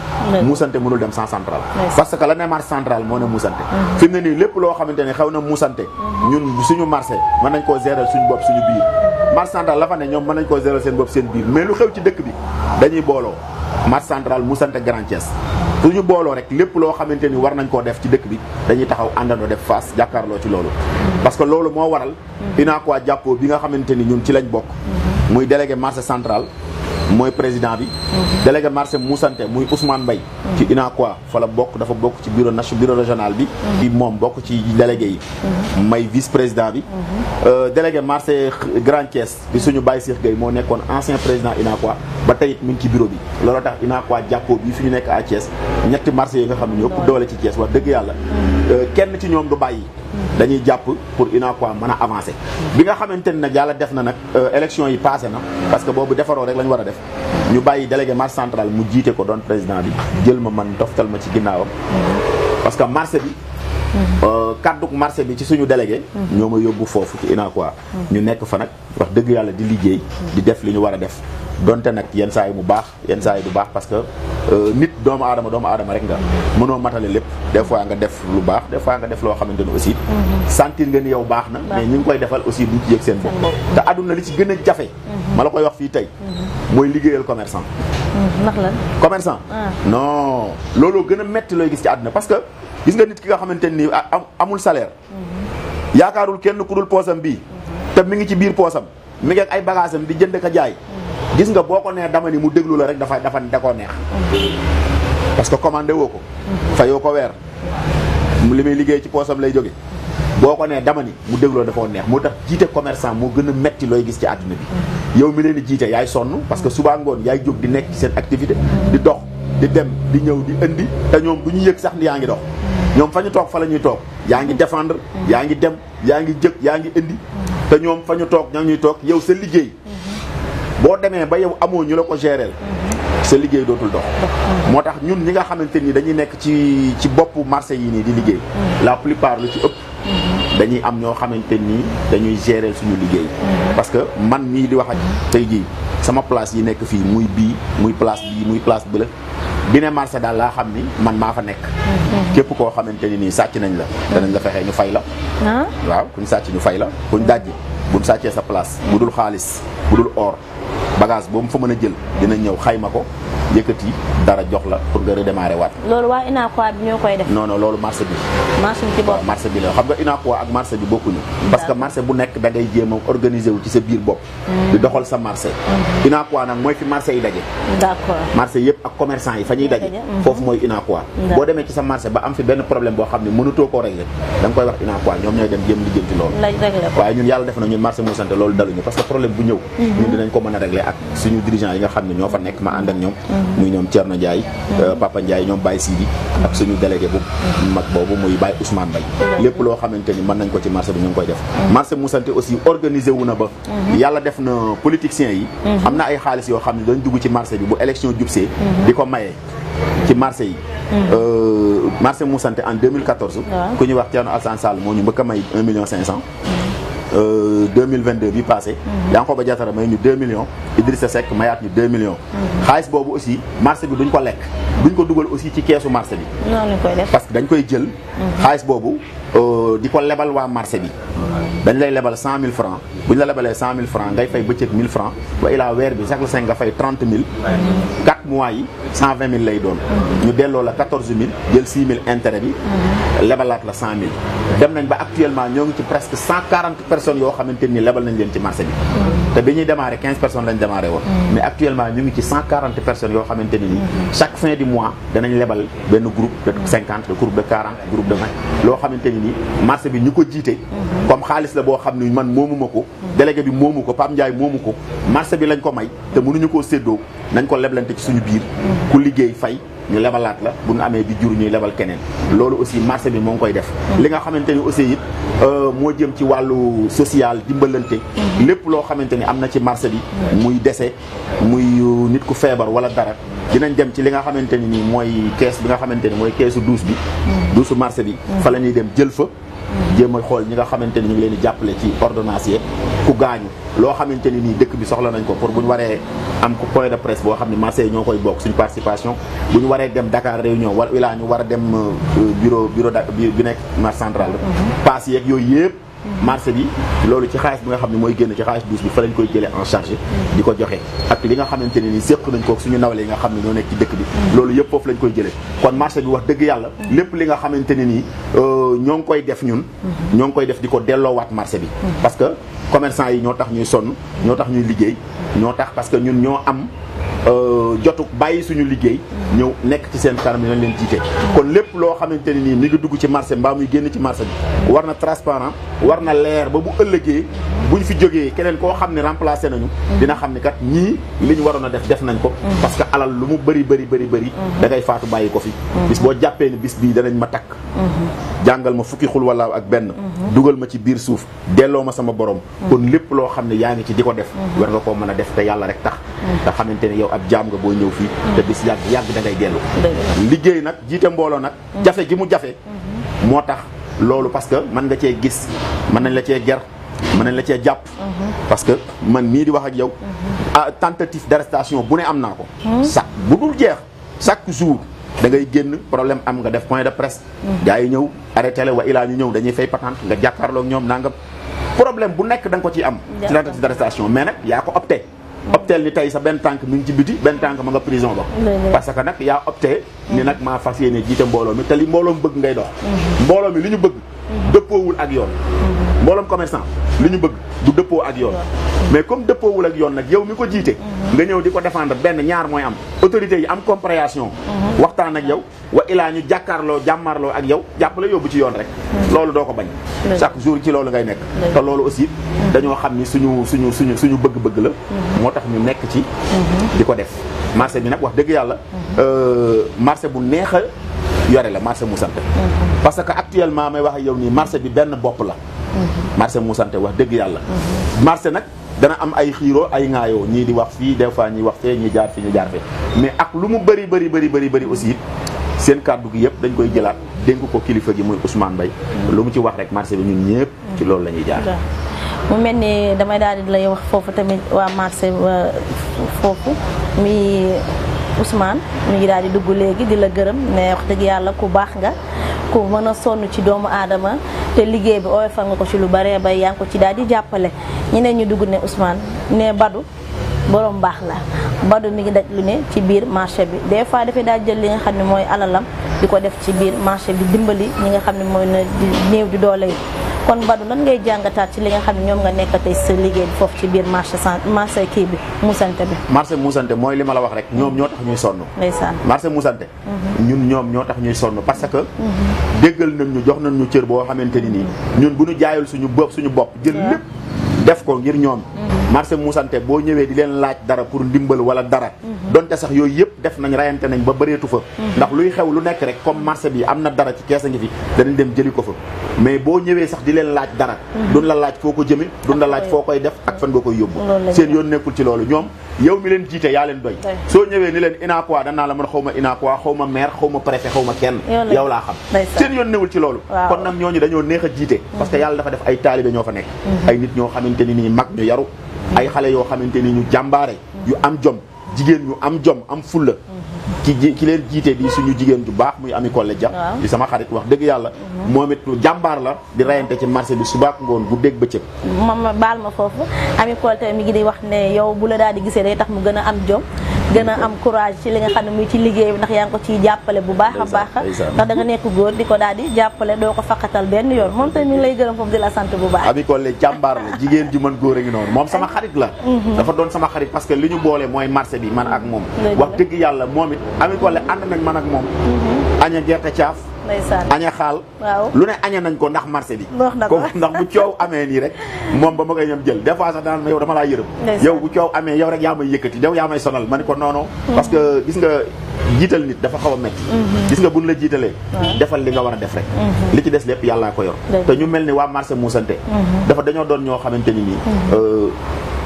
muusante dem sans central parce que la ne marché central moo ne muusante mhm. fi ne nii lépp loo xamante ne xew na muusante suñu marché mën nañ koo gérer suñu bopp suñu biir marché central la fa ne ñoom mën nañ koo gérer seen bopp seen biir marché central Moussante Grand Thiès su ñu booloo rek lépp loo xamante ni war nañ koo def ci dëkk bi dañuy taxaw àndandoo def face jàkkaarloo ci loolu. parce que loolu moo waral. Mm-hmm. UNACOIS jàppoo bi nga xamante ni ñun ci lañ bokk. Mm-hmm. muy délégué marché central. mooy président bi. délégué marché Moussante muy Ousmane Mbaye ci UNACOIS fa la bokk dafa bokk ci bureau national bureau régional bi. bi moom bokk ci délégué yi. may vice président bi. Euh, délégué marché Grand Thiès bi suñu Baye Cheikh Gueye moo nekkoon ancien président UNACOIS ba tey mu ngi ci bureau bi a tax UNACOIS jàppoo bii fi ñu nekk à Thiès ñetti marché yi nga xam ne ñoo ëpp doole ci Thiès wax dëgg yàlla euh, kenn ci ñoom du bàyyi. dañuy jàpp pour UNACOIS mën a avancer. bi nga xamante ni nag yàlla def na nag euh, élection yi passé na parce que boobu defaroo rek la war a def ñu bàyyi délégué marche centrale mu jiite ko doon président bi jël ma man toftal ma ci ginnaawam parce que marché bi. Mm-hmm. Euh, kàdduk marché bi ci suñu délégué mm-hmm. ñoo ma yóbbu foofu ci ina quoi mm-hmm. ñu nekk fa nag wax dëgg yàlla di liggéey di def li ñu war def donte nag yenn saa yi mu baax yenn saa yi du baax parce que euh, nit doomu aadama doomu aadama rek nga mm-hmm. mënoo matale lépp des fois nga def lu baax des fois nga def loo xamante ne aussi sentir nga ni yow baax na mais ñi ngi koy defal aussi duñ ci yëg seen bopp te àdduna li ci gën a jafe ma la koy wax fii tey mooy liggéeyal commerçant Mm, ndax lan commerçant ah. non looloo gën a metti looy gis ci àdduna parce que gis nga nit ki nga xamante ni amul salaire mm-hmm. yaakaarul kenn ku dul poosam bii mm-hmm. te mi ngi ci biir poosam mi ngi ak ay bagaasam di jënd ka jaay mm-hmm. gis nga boo ko nee dama ni mu déglu la rek dafa dafa da koo neex parce que commandé woo ko fayoo ko weer li muy liggéey ci poosam lay jóge boo ko nee dama ni mu dégloo dafa ko neex moo tax jiite commerçant moo gën a metti looy gis ci àdduna bi yow mi leen di jiite yaay sonn parce que suba ngoon yaay jóg di nekk ci seen activité di dox di dem di ñëw di indi te ñoom du ñu yëg sax yaa ngi dox ñoom fa ñu toog fa la ñuy toog yaa ngi défendre yaa ngi dem yaa ngi jëg yaa ngi indi te ñoom fa ñu toog ña ngi toog yow sa liggéey boo demee ba yow amoo ñu la ko gerel sa liggéey dootul dox moo tax ñun ñi nga xamante ni dañuy nekk ci ci bopp marché yi nii di liggéey la plupart lu ci ëpp dañuy am ñoo xamante nii dañuy gérer suñu liggéey parce que man mii di wax ak tey jii sama place yi nekk fii muy bii muy place bii muy place bële bi ne marché daal laa xam ni man maa fa nekk mhm. képp koo xamante ni nii sàcc nañ la danañ la fexe ñu fay la ah. waaw kuñ sàcc ñu fay la kuñ dajji buñ sàccee sa place bu dul xaalis bu dul or bagage boobu mu fa mën a jël dina ñëw xayma ko yëkkati dara jox la pour nga redémarrer waat. loolu waa UNACOIS bi ñoo koy def. non non loolu marché bi. marché bi ci que marché bu nekk da ngay jéem wu ci sa biir bopp. Hmm. sa marché. UNACOIS hmm. nag mooy fi marché yi daje. d'accord marché ak commerçant yi fa ñuy daje. Hmm. foofu mooy UNACOIS. boo demee ci sa marché ba am fi benn problème boo xam ne mënutoo koo régler da koy wax UNACOIS ñoom ñooy dem jéem lijjanti loolu. waaye ñun yàlla def na ñun marché Moussante loolu daluñu parce que problème ak suñu dirigeant yi nga xam ne ñoo fa nekk ma ànd ak ñoom mhm. muy ñoom Thierno Ndiaye mhm. euh, Papa Ndiaye ñoom Baye Sidi ak suñu délégué bu mhm. mag boobu muy Baye Ousmane Mbaye lépp loo xamante ni man nañ ko ci marché bi ñu ngi koy def marché Moussanté aussi organisé wu na ba yàlla def na politiciens yi am na ay xaalis yoo xam ne dañ dugg ci marché bi bu élection jubsee di ko mayee ci marché yi euh, marché Moussanté en 2014 ku ñu wax Thierno Alassane moo ñu mbëkk may 1 million 500 2022 euh, bi passé mhm. Yankhoba Diattara may ñu 2 millions Idrissa Seck mayat ñu 2 millions Haïs mhm. Bobo aussi marché bi duñ ko lekk duñ ko dugal aussi ci keesu marché bi parce que dañ koy jël mhm. xaalis bobu euh diko lebal wa marché bi dañ lay lebal 100 000 francs Vous la 100 000 francs ngay fay 1 1000 francs ba ila weer bi chaque cinq nga fay 30 000 4 mois yi 120 000 lay doon ñu delloo la 14 000 jël 6 000 intérêt bi lebalaat la 100 000 dem nañ ba actuellement ñoo ngi ci presque 140 personnes yo xamanteni label nañ leen ci marché bi té biñu démarré 15 personnes lañ démarré won mm. mais actuellement ñu ngi ci 140 personnes yo xamanteni ni chaque fin du mois danañ label ben groupe de 50 de groupe de 40 groupe de 20 lo xamanteni ni marché bi ñuko jité mm-hmm. comme xaalis la bo xamni man moomuma ko mm. délégué bi moomu ko Pape Ndiaye moomu ko marché bi lañ ko may té mënu ñuko séddoo nañ ko leblante ci suñu biir mm. ku liggéey fay ñu lebalaat la bu ñu amé di jur ñuy lebal kenen lolu aussi marché bi mo ngoy def li nga xamante xamante ni aussi it euh, moo jëm ci wàllu social dimbalante lépp loo xamante ni am na ci marché bi muy dese muy euh, nit ku feebar wala dara dinañ dem ci li nga xamante ni mooy kees bi nga xamante ni mooy keesu duus bi mm. duusu marché bi fa la dem jël fa jéem a xool ñi nga xamante ni ñu ngi leen di jàppale ci ordonnance yeeg ku gaañu loo xamante ni nii dëkk bi soxla nañ ko pour bu ñu waree am point de presse boo xam ne marché ñoo koy bokk suñu participation bu ñu waree dem Dakar réunion war wilaa ñu war a dem euh, bureau bureau bi nekk marché central mm-hmm. paas yeeg yooyu yëpp mm-hmm. marché bi loolu ci xaalis bi nga xam ne mooy génn ci xaalis douce bi fa lañ koy jëlee en charge mm-hmm. di ko joxe ak li nga xamante ne ni nañ ko suñu nawle yi nga xam ne ñoo nekk ci dëkk bi loolu yëpp foofu lañ koy jëlee kon yàlla li nga xamante ne ñong koy def ñun mhm. ñong koy def diko dello wat marché bi mhm. parce que commerçant yi ñoo tax ñuy sonn ñoo tax ñuy liggéey ñoo tax parce que ñun ñoo am euh jotuk bàyyi suñu liggéey ñëw nekk ci seen kanam dinañ leen jiite kon lépp loo xamante ne nii mi ngi dugg ci marché mbaa muy génn ci marché bi war na transparent war na leer ba bu ëllëgee buñ fi jógee keneen koo xam ne nañu dina xam kat ñii li ñu waroon a def def nañ ko parce que alal lu mu bëri bëri bëri bëri da ngay faatu bàyyi ko fi bis boo jàppee ne bis bii danañ ma takk jàngal ma fukki xul walaaw ak benn dugal ma ci biir suuf delloo ma sama borom kon lépp loo xam ne yaa ngi ci di ko def war nga koo mën a def te yàlla rek tax nga xamante yow ab jaam nga boo ñëw fii mm. te bis yàgg yàgg da ngay dellu liggéey nag jiite mbooloo nag mm. jafe gi mu jafe mm-hmm. moo tax loolu parce que mën nga cee gis mën nañ la cee ger mën nañ la cee jàpp mm-hmm. parce que man mii di wax ak yow mm-hmm. ah, tentative d'arrestation bu ne am naa ko chaque bu dul jeex chaque jour da ngay génn problème am nga def point de presse gars yi ñëw arrêté la wa ilaa ñu ñëw dañuy fay patente nga jàkkaarloog ñoom nangam problème bu nekk da ko ciy am ci tentative d'arrestation opteel ni tey sa benn tànk mi ngi ci biti benn tànk ma nga prison ba parce que nag yaa opté ni nag maa fas yéene jiite mbooloo mi te li mbooloo mi bëgg ngay dox mm-hmm. mbooloo mi li ñu bëgg Mm-hmm. dëppoowul ak yoon mm-hmm. mbooloom commerçant lu ñu bëgg du dëppoo ak yoon mm-hmm. mais comme dëppoowul ak yoon nag yow mi ko jiite nga ñëw di ko défendre benn ñaar mooy am autorité yi am compréhension waxtaan ak yow wa ilaa ñu jàkkaarloo jàmmaarloo ak yow jàppale yóbbu ci yoon rek loolu doo ko bañ chaque jour ci loolu ngay nekk te loolu aussi dañoo xam ni suñu suñu suñu suñu bëgg-bëgg la moo tax ñu nekk ci di ko def marché bi nag wax dëgg yàlla euh, marché bu neex yore la marché Moussante mhm. parce que actuellement may wax ak yow nii marché bi benn bopp la mhm. marché Moussante wax dëgg yàlla mhm. marché nag dana am ay xiiroo ay ŋaayoo ñii di wax fii des fois ñi wax fee ñi jaar fi ñu jaar fee mais ak lu mu bëri bëri bëri bëri bëri aussi seen kàddu gi yëpp dañ koy jëlaat dénk ko kilifa gi muy Ousmane Mbaye lu mu ci wax rek marché bi ñu ñëpp ci loolu la ñuy jaar mu mel ni damay daal di lay wax foofu tamit waa marché foofu mi Ousmane mi ngi daal di dugg léegi di la gërëm ne wax dëgg yàlla ku baax nga ku mën a sonn ci doomu aadama te liggéey bi oyofal nga ko ci lu baree bay yaa ngi ko ci daal di jàppale ñeneen ñu dugg ne Ousmane ne Badou borom baax la Badou mi ngi daj lu ne ci biir marché bi des fois dafay daal jël li nga xam ne mooy alalam di ko def ci biir marché bi dimbali ñi nga xam ne mooy na néew di doole yi kon Badou nan ngay jàngataat ci li nga xam ñoom nga nekk tey sa liggéey bi foofu ci biir marché san marché kii bi muusante bi mooy li ma la wax rek ñoom ñoo tax ñuy sonn ndeysaan marché muusante mhm. ñun ñoom ñoo tax ñuy sonn parce que mhm. déggal nañ ñu jox nañ ñu cër boo xamante ni nii ñun bu ñu jaayul suñu bopp suñu bopp jël lépp def ko ngir ñoom mhm. marché muusante boo ñëwee di leen laaj dara pour ndimbal wala dara donte sax yooyu yëpp def nañ rayante nañ ba bëreetu fa hmm. ndax luy xew lu nekk rek comme marché bi am na dara ci kees a ngi fi danañ dem jëli ko fa mais boo ñëwee sax di leen laaj dara hmm. duñ la laaj foo ko jëme duñ la laaj foo koy def ak fan nga koy yóbbu seen yoon nekkul ci loolu ñoom yow mi leen jiite yaa leen doy soo ñëwee ni leen ina quoi danaa la mën xaw ma ina quoi xaw ma maire xaw ma préfet xaw ma kenn yow laa xam seen yoon newul ci loolu kon nag ñooñu dañoo neex jiite hmm. parce que yàlla dafa def ay taalibe ñoo fa nekk ñoo xamante ni nii mag ñu xale yoo xamante ni ñu jàmbaare am jom jigéen ñu am jom am fulla mhm. ki ki leen jiite di suñu jigéen ju baax muy ami Collé Dia sama xarit wax dëgg yàlla mhm. moom it jàmbaar la di rayante ci marché bi subaak ngoon bu dégg bëccëg moom baal ma foofu ami Collé mi ngi di wax ne yow bu la daal di gisee day tax mu gën a am jom gën a am courage ci li nga xam ne muy ci liggéey bi ndax yaa ngi ko ciy jàppale bu baax a baax ndax da nga nekk góor di ko daal di jàppale doo ko faqatal benn yoon moom tamit mi ngi lay gërëm foofu di la sant la jigéen ji mën góor a ngi noonu moom sama xarit la mhm. dafa doon sama xarit parce que li ñu boole mooy marché bi man ak moom wax dëgg yàlla moom it Abi Collé ànd nañ man ak moom mhm. aña gerte caaf ndeysaan aña xaal lu ne aña nañ ko ndax marché bi ko ndax bu coow amee nii rek moom ba ma koy ñoom jël des fois sax danaan ma yow dama laa yërëm yow bu coow amee yow rek yaa may yëkkati yow yaa may sonal ma ne ko noono parce que gis nga jiital nit dafa xaw a metti mhm. gis nga buñ la jiitalee defal li nga war a def rek mhm. li ci des lépp yàllaa ko yor te ñu mel ni waa marché muusante mhm. dafa dañoo doon ñoo xamante ni nii euh,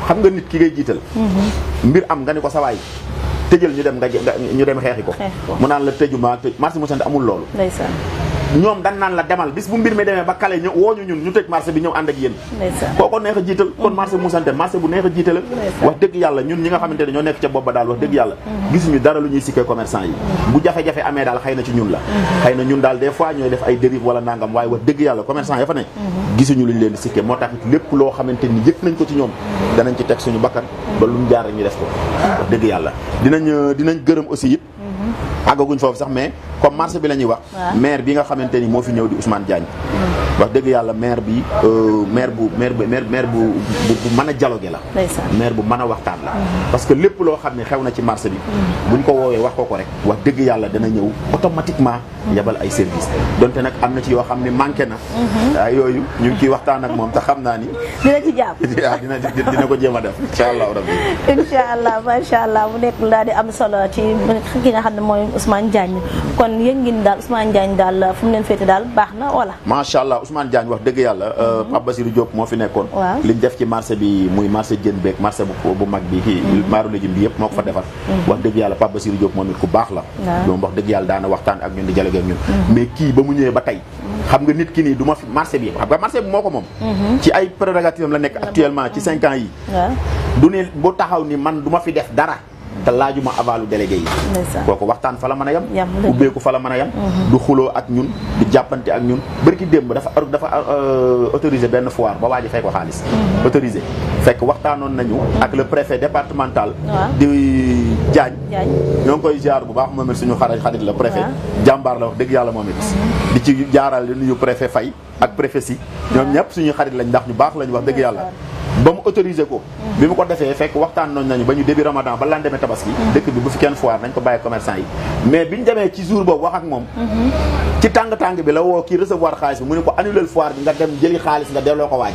xam nga nit ki ngay jiital mbir am nga ni ko sawaay tëjal ñu dem nga ñu dem xeexi ko mu naan la tëju maa tëj marché amul loolu ñoom dañ naan la demal bis bu mbir mi demee ba kale ñu woo ñu ñun ñu tëj marché bi ñëw ànd ak yéen kooko neex a jiital kon marché bu mhm. musante marché bu neex a jiital wax dëgg yàlla ñun ñi nga xamante ne ñoo nekk ca booba daal wax dëgg yàlla mhm. gisuñu dara lu ñuy sikkee commerçant yi mhm. bu jafe-jafe amee daal xay na ci ñun la xëy na ñun daal des fois ñooy def ay dérive wala nangam waaye wax dëgg yàlla commerçant ya fa ne gisuñu luñ leen di sikkee moo tax lépp loo xamante ni yëg nañ ko ci ñoom danañ ci teg suñu bakkan ba lu ñu jaar ñu def ko ah. dëgg yàlla dinañ euh, dinañ gërëm aussi it àggaguñ sax mais comme marché bi lañuy wax maire bi nga xamanteni mo fi ñew di Ousmane Diagne hmm. wax deug yalla maire bi euh, maire bu maire bu maire bu bu mën a dialoguer la maire bu mëna a waxtaan la hmm. parce que lepp lo xamni xewna ci marché bi hmm. buñ ko wowe wax ko ko rek wax deug yalla dana ñew automatiquement yabal ay service donte nak amna ci yo xamni manké na ay yoyu ñu ci waxtaan ak mom ta xamna ni [LAUGHS] dina ci jàpp [LAUGHS] ah, dina dina ko jéem a def inshallah rabbi inshallah ma macha allah mu nekk la di am solo ci ki nga xamni moy Ousmane Diagne kon yéen ngeen daal Ousmane Diagne daal fu mu leen féete daal baax na wala macha allah Ousmane Diagne wax dëgg yàlla euh, mhm. Pape Basirou Diop moo fi nekkoon li ñu def ci marché bi la moom wax dëgg mhm. ba mu ñëwee ba tey mhm. xam nga nit ki nii du ma fi marché bi moo ko moom ci ay prérogative la nekk actuellement ci cinq ans yi du ne bu taxaw ni man du ma fi def dara te laajuma avalu délégué yi kooku waxtaan fa la mën a yam ubbeeku fa la mën a yam mhm. du xuloo ak ñun du jàppante ak ñun bërki démb dafa dafa euh, euh, autorisé benn foire ba waa ji ko xaalis mhm. autorisé fekk waxtaanoon nañu ak le préfet départemental di Diagne ñoo ngi koy ziar bu baax moom it suñu xaraj xarit la préfet jàmbaar la wax dëgg yàlla moom it mhm. di ci jaaral li nuyu préfet Faye ak préfet si ñoom ñëpp suñu xarit lañ ndax ñu baax lañ wax dëgg yàlla ba autoriser vous ko bi mu ko defé fekk waxtan noonu nañu bañu début ramadan ba lan démé tabaski mm-hmm. dëkk bi bu fi kenn foire nañ ko baye commerçant yi mais bi vous ci jour vous wax ak mom mm-hmm. ci tang tang bi la recevoir à mu ne ko annuler foire nga dem jëli nga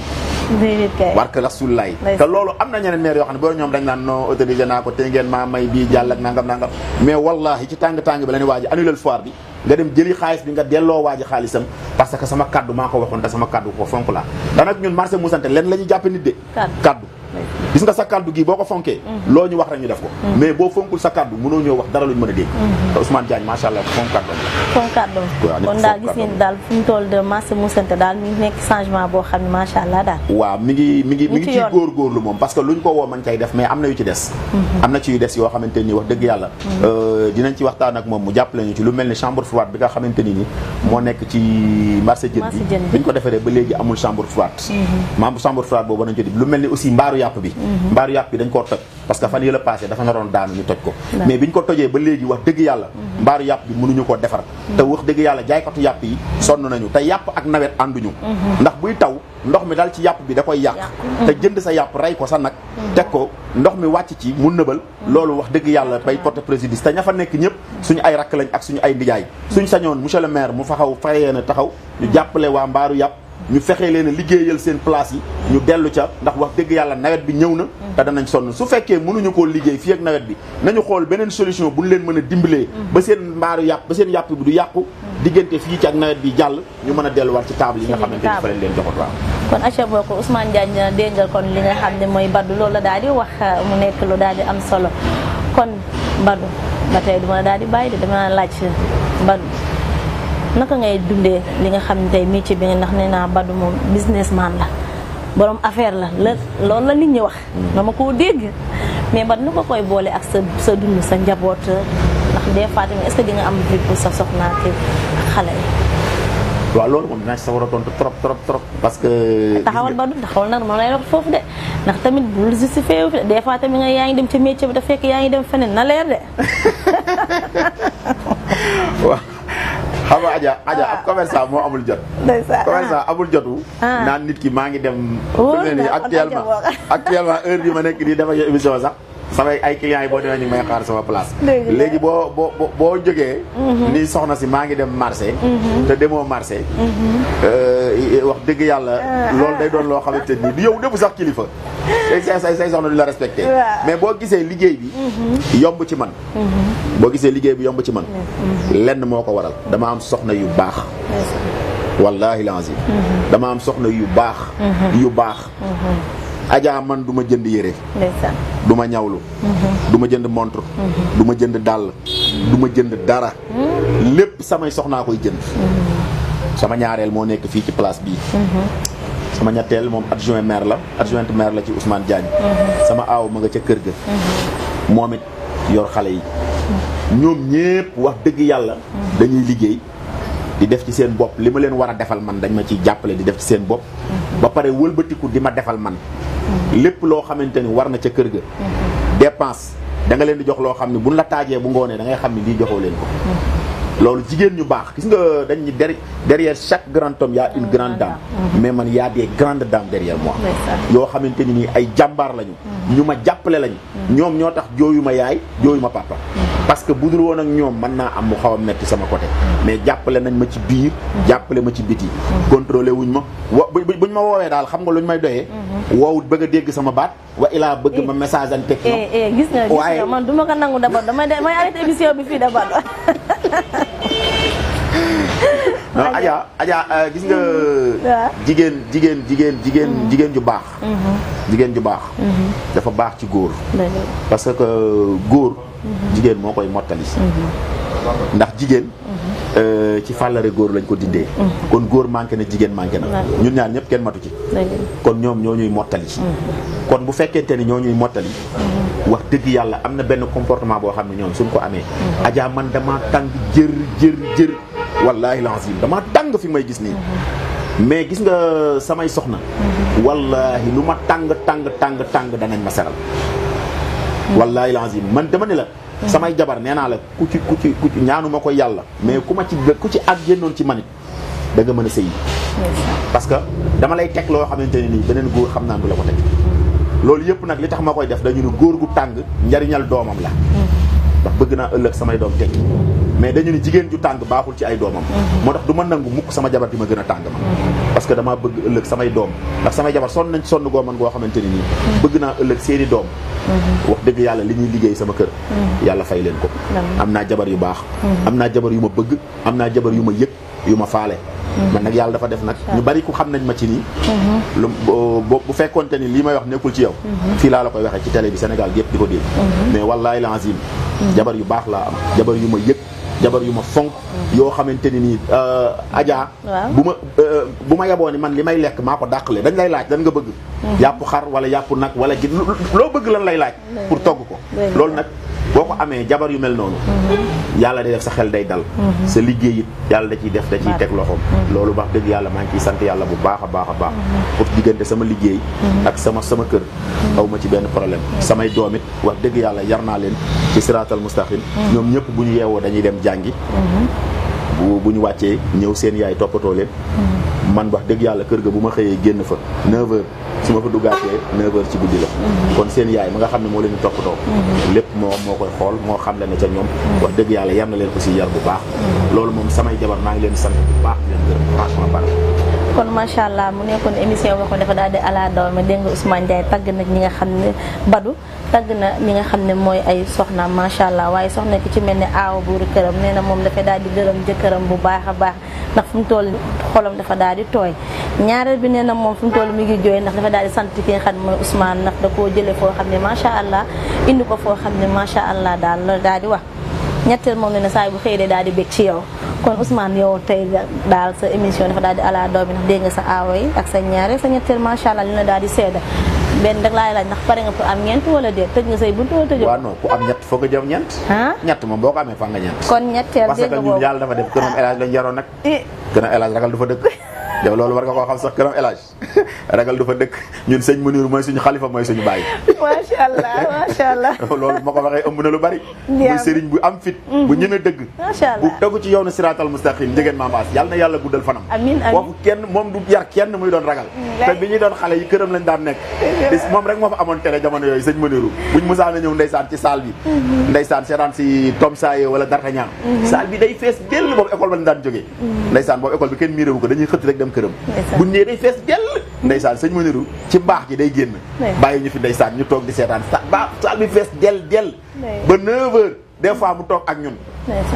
barke Rasulullaay te loolu am na ñeneen maire yoo xam ne boo ñoom dañ naan non autorisé naa ko te maa may bii jàll ak nangam nangam mais wallahi ci tàng-tàng bi la ñu waaj annulel bi nga dem jëli xaalis bi nga delloo waa ji xaalisam parce que sama kaddu maa ko waxoon te sama kaddu ko fonk laa daanaka ñun marché Moussanté lenn la ñuy jàppe nit de kaddu gis nga sa kàddu gi boo ko fonkee loo ñu wax rek ñu def ko mais boo fonkul sa kàddu mënoo ñëw wax dara lu ñu mën a dégg te Ousmane Diagne macha allah fonk kàddoom la fonk kàddoom kon daal gis ngeen daal fu mu toll de masse mousante daal mi ngi nekk changement boo xam ne macha allah daal waaw mi ngi mi ngi mi ngi ci góorgóorlu moom parce que luñ ko woo man cay def mais am na yu ci des mhm. am na ci yu des yoo xamante nii wax dëgg yàlla mhm. euh, dinañ ci waxtaan ak moom mu jàppale ñu ci lu mel ni chambre froide bi nga xamante ni ni moo nekk ci marché jën bi biñ ko defaree ba léegi amul chambre froide mhm. membre chambre froide boobu nañ ko di lu mel ni aussi mbaaru yàpp bi mbaaru yàpp bi dañ koo toj parce que fan yële passé dafa naroon daanu ñu toj ko mais biñ ko tojee ba léegi wax dëgg yàlla mbaaru yàpp bi mënuñu ko defar mm-hmm. te wax dëgg yàlla jaaykatu yàpp yi sonn nañu te yàpp ak nawet ànduñu mm-hmm. ndax buy taw ndox mi dal ci yàpp bi da koy yàq te jënd sa yàpp rey ko sa nag mm-hmm. teg ko ndox mi wàcc ci mu nëbal loolu wax dëgg yàlla bay porte préjudice te ña fa nekk ñëpp suñu ay rakk lañ ak suñu ay ndijaay suñ sañoon ñu fexe leen liggéeyal seen place yi ñu dellu ca ndax wax dëgg yàlla nawet bi ñëw na te danañ sonn su fekkee mënuñu koo liggéey fii ak nawet bi nañu xool beneen solution bu ñu leen mën a dimbalee ba seen mbaaru yàpp ba seen yàpp bi du yàqu diggante fii ci ak nawet bi jàll ñu mën a delluwaat ci table yi nga xamante ni fa leen joxoon waaw kon aca bokk Ousmane Diagne déngal xam ne mooy Badou loolu la daal di wax mu nekk lu daal di am solo kon Badou ba tey du ma daal di bàyyi di dama laaj Badou naka ngay dundee li nga xam ne tey métier bi nga ndax nee naa Badou moom businessman la borom affaire la la loolu la nit ñi wax. Mm. ma koo dégg mais Badou nu ko koy boole ak sa sa dund sa njaboot ndax des fois tamit est-ce que nga am vie soxnaa ak xale yi. waaw loolu moom dinaa si war parce que. taxawal Badou taxawal nag moom lay foofu de ndax tamit bul justifié des fois tamit nga yaa ngi dem ci métier bi da fekk yaa ngi dem feneen na leer de. [LAUGHS] xam nga Adja Adja ab commerçant moo amul jot. ndeysaan commerçant ah. amul jotu. Ah. naan nit ki maa ngi dem. wóor na actuellement actuellement heure bi ma nekk nii def ak émission sax. samay ay clients yi boo demee ñu may xaar sama place. léegi boo boo boo jógee. Mhm. ni soxna si maa ngi dem marché. Mhm. te demoo marché. Mhm. Euh, wax dëgg yàlla. Ah, ah, ah. loolu day doon loo xamante ni du yow defu sax kilifa. say say say soxna du la respecté. mais boo gisee liggéey bi. yomb ci man. boo gisee liggéey bi yomb ci man. lenn moo ko waral dama am soxna yu baax. wallaahi laazim. dama am soxna yu baax. yu baax. Ajaa man du ma jënd yére. ndeysaan du ma ñawlu. Mhm. du ma jënd montre. Mhm. du ma jënd dàll. du ma jënd dara. Mhm. lépp samay soxnaa koy jënd. sama ñaareel moo nekk fii ci place bii. sama ñetteel moom adjoint maire la adjointe la ci Ousmane Diagne. sama aaw ma nga ca kër ga. moom it yor xale yi. ñoom ñépp wax dëgg yàlla. dañuy liggéey di def ci seen bopp li ma leen war a defal man dañ ma ciy jàppale di def ci seen bopp. ba pare wëlbatiku di ma defal man. Mm-hmm. lépp loo xamante ni war na ca kër ga. Mm-hmm. dépense da leen di jox loo xam ne buñ la taajee bu ngoonee da ngay xam ne lii joxoo leen ko. Mm-hmm. loolu jigéen ñu baax gis nga dañ ni derrière chaque grand homme y a une grande dame. mais man y a des grandes dames derrière moi. yoo xamante ni nii ay jàmbaar lañu. Mm. ñu ma jàppale lañu. Mm. ñoom ñoo tax jooyu ma yaay mm. jooyu ma papa. parce que bu dul woon ak ñoom mën naa am mu xaw a metti sama côté. mais jàppale nañ ma ci biir. jàppale ma ci biti. contrôlé wuñ ma bu ñu ma woowee daal xam nga luñ may doyee. Mm-hmm. woowut bëgg a dégg sama baat. wa ilaa bëgg ma eh, message an eh, eh, waaye man du ma ko nangu d'abord damay damay arrêté émission bi [LAUGHS] non ah, Adja Adja euh, gis nga. Mm-hmm. jigéen jigéen jigéen jigéen mm-hmm. jigéen ju baax. Mm-hmm. jigéen ju baax. dafa baax ci góor. parce que góor. jigéen moo koy mottali. ndax jigéen. Euh, ci fàllare góor lañ ko dindee mm. kon góor manqué na jigéen manqué na ñun ñaar ñëpp kenn matu ci kon ñoom ñoo ñuy mottali mm. kon bu fekkente ni ñoo ñuy mottali mm-hmm. wax dëgg yàlla am na benn comportement boo xam ne ñoom suñ ko amee mm-hmm. ajaa man dama tàng jër jër jër wallaahi lazim dama tàng fi may gis nii mm-hmm. mais gis nga samay soxna wallaahi lu ma tàng tàng tàng tàng danañ ma seral wallaahi lazim man dama ne la samay jabar nee naa la ku ci ku ci ku ko yàlla mais ku ma ci ku ci at génnoon ci manit da nga mën a sëy parce que dama lay teg loo xamante ne nii beneen góor xam naa du la ko teg loolu yëpp nag li tax ma koy def dañu ne góor gu tàng njariñal doomam la ndax bëgg naa ëllëg samay doom tekki mais dañu ne jigéen ju tàng baaxul ci ay doomam moo tax du ma nangu mukk sama jabar di ma gën a tàng ma parce que damaa bëgg ëllëg samay doom ndax samay jabar sonn nañ sonn goo man goo xamante nii bëgg naa ëllëg seeni doom wax dëgg yàlla li ñuy liggéey sama kër yàlla fay leen ko am naa jabar yu baax mm-hmm. am naa jabar yu ma bëgg am naa jabar yu ma yëg yu ma faale Mm-hmm. mais nag yàlla dafa def nag mm-hmm. ñu bari ku xam nañ ma ci nii mm-hmm. lu bu fekkonte ni lii may wax nekkul ci yow fii laa la koy waxee ci télé bi Sénégal gépp di ko dégg mais wallaay lazim jabar yu baax laa am jabar yu ma yëpp jabar yu ma fonk yoo xamante ni nii euh, ajaa bu ma euh, bu ma yaboo ni man li may lekk maa ko dàqale dañ lay laaj dan nga bëgg yàpp xar wala yàpp nag wala gi loo bëgg lan lay laaj pour togg ko loolu nag boo ko amee jabar yu mel noonu mm-hmm. yàlla day def sa xel day dal mm-hmm. sa liggéey it yàlla da ciy def da ciy teg loxoom mm-hmm. loolu wax dëgg yàlla maa ngi ciy sant yàlla bu baax a baax a baax pour diggante sama liggéey ak sama sama kër aw ma ci benn problème samay doom it wax dëgg yàlla yar naa leen ci siraatal mustaqim ñoom ñëpp bu ñu yeewoo dañuy dem jàngi bu bu ñu wàccee ñëw seen yaay toppatoo leen man wax dëgg yàlla kër ga bu ma xëyee génn fa 9h ma fa duggaatee 9h ci guddi la. kon seen yaay ma nga xam ne moo leen di lépp moom moo koy xool moo xam la ne ca ñoom. wax dëgg yàlla yar na leen aussi yar bu baax. loolu moom samay jabar maa ngi leen sant bu baax di leen gërëm franchement baax kon macha allah mu nekkoon émission boo xam dafa daal di ala daw dégg nga Ousmane Ndiaye tàgg nag ñi nga xam ne Badou. tagg na ñi nga xam ne mooy ay soxna macha allah waaye soxna ki ci mel ni aawa buuru këram nee na moom dafay daal di gërëm jëkkëram bu baaxa baax ndax fu mu toll xolam dafa daal di tooy ñaareel bi nee na moom fu mu toll mi ngi jooy ndax dafa daal di sant ki nga xam ne mooy Ousmane ndax koo jëlee ne macha allah indi ko foo xam ne macha allah daal la daal di wax ñetteel moom ne na saa bu xëy de daal di bég ci yow kon Ousmane yow tey daal sa émission dafa daal di ala doomi ndax dégg nga sa aawa yi ak sa ñaareel sa ñetteel macha allah li na daal di seeda den rek laay laaj ndax pare nga pour am ñeent wala déet tëj nga say bunt wala tëjoo. waaw non ku am ñett foog a jëm ñeent. ñett moom boo ko fa nga ñeent. kon ñetteel dégg nga boobu def gën a El yaroon nag. Eh. gën a El Hadj du fa dëkk yow loolu war nga koo xam sax këram élage ragal du fa dëkk ñun sëñ Munir mooy suñu xalifa mooy suñu baay. macha allah macha allah. [LAUGHS] loolu ma ko waxee ëmb na lu bari. muy sëriñ bu am fit. bu mhm. ñëna dëgg. allah bu tegu ci na siratal mustaqim njëgeen maamaas yàlla na yàlla guddal fanam. Amin amin. foofu kenn moom du yar kenn muy doon ragal. Mm, te bi ñuy doon xale yi këram lañ daan nekk. [LAUGHS] moom rek moo fa amoon télé jamono yooyu sëñ Muniru buñ na ñëw ndaysaan ci salle bi. Mhm. ndeysaan seetaan si Tom Saaye wala Dartaña. Mhm. salle bi day fees dell boobu école ba lañ daan jógee. ndaysaan boobu école bi kenn miiré ko dañuy xëtt rek dem këram bu ñëwee day fees dell ndeysaan sëñ Muniru ci mbaax gi day génn bàyyi ñu fi ndeysaan ñu toog di seetaan sa ba saal bi fees dell dell ba 9 heures des fois mu toog ak ñun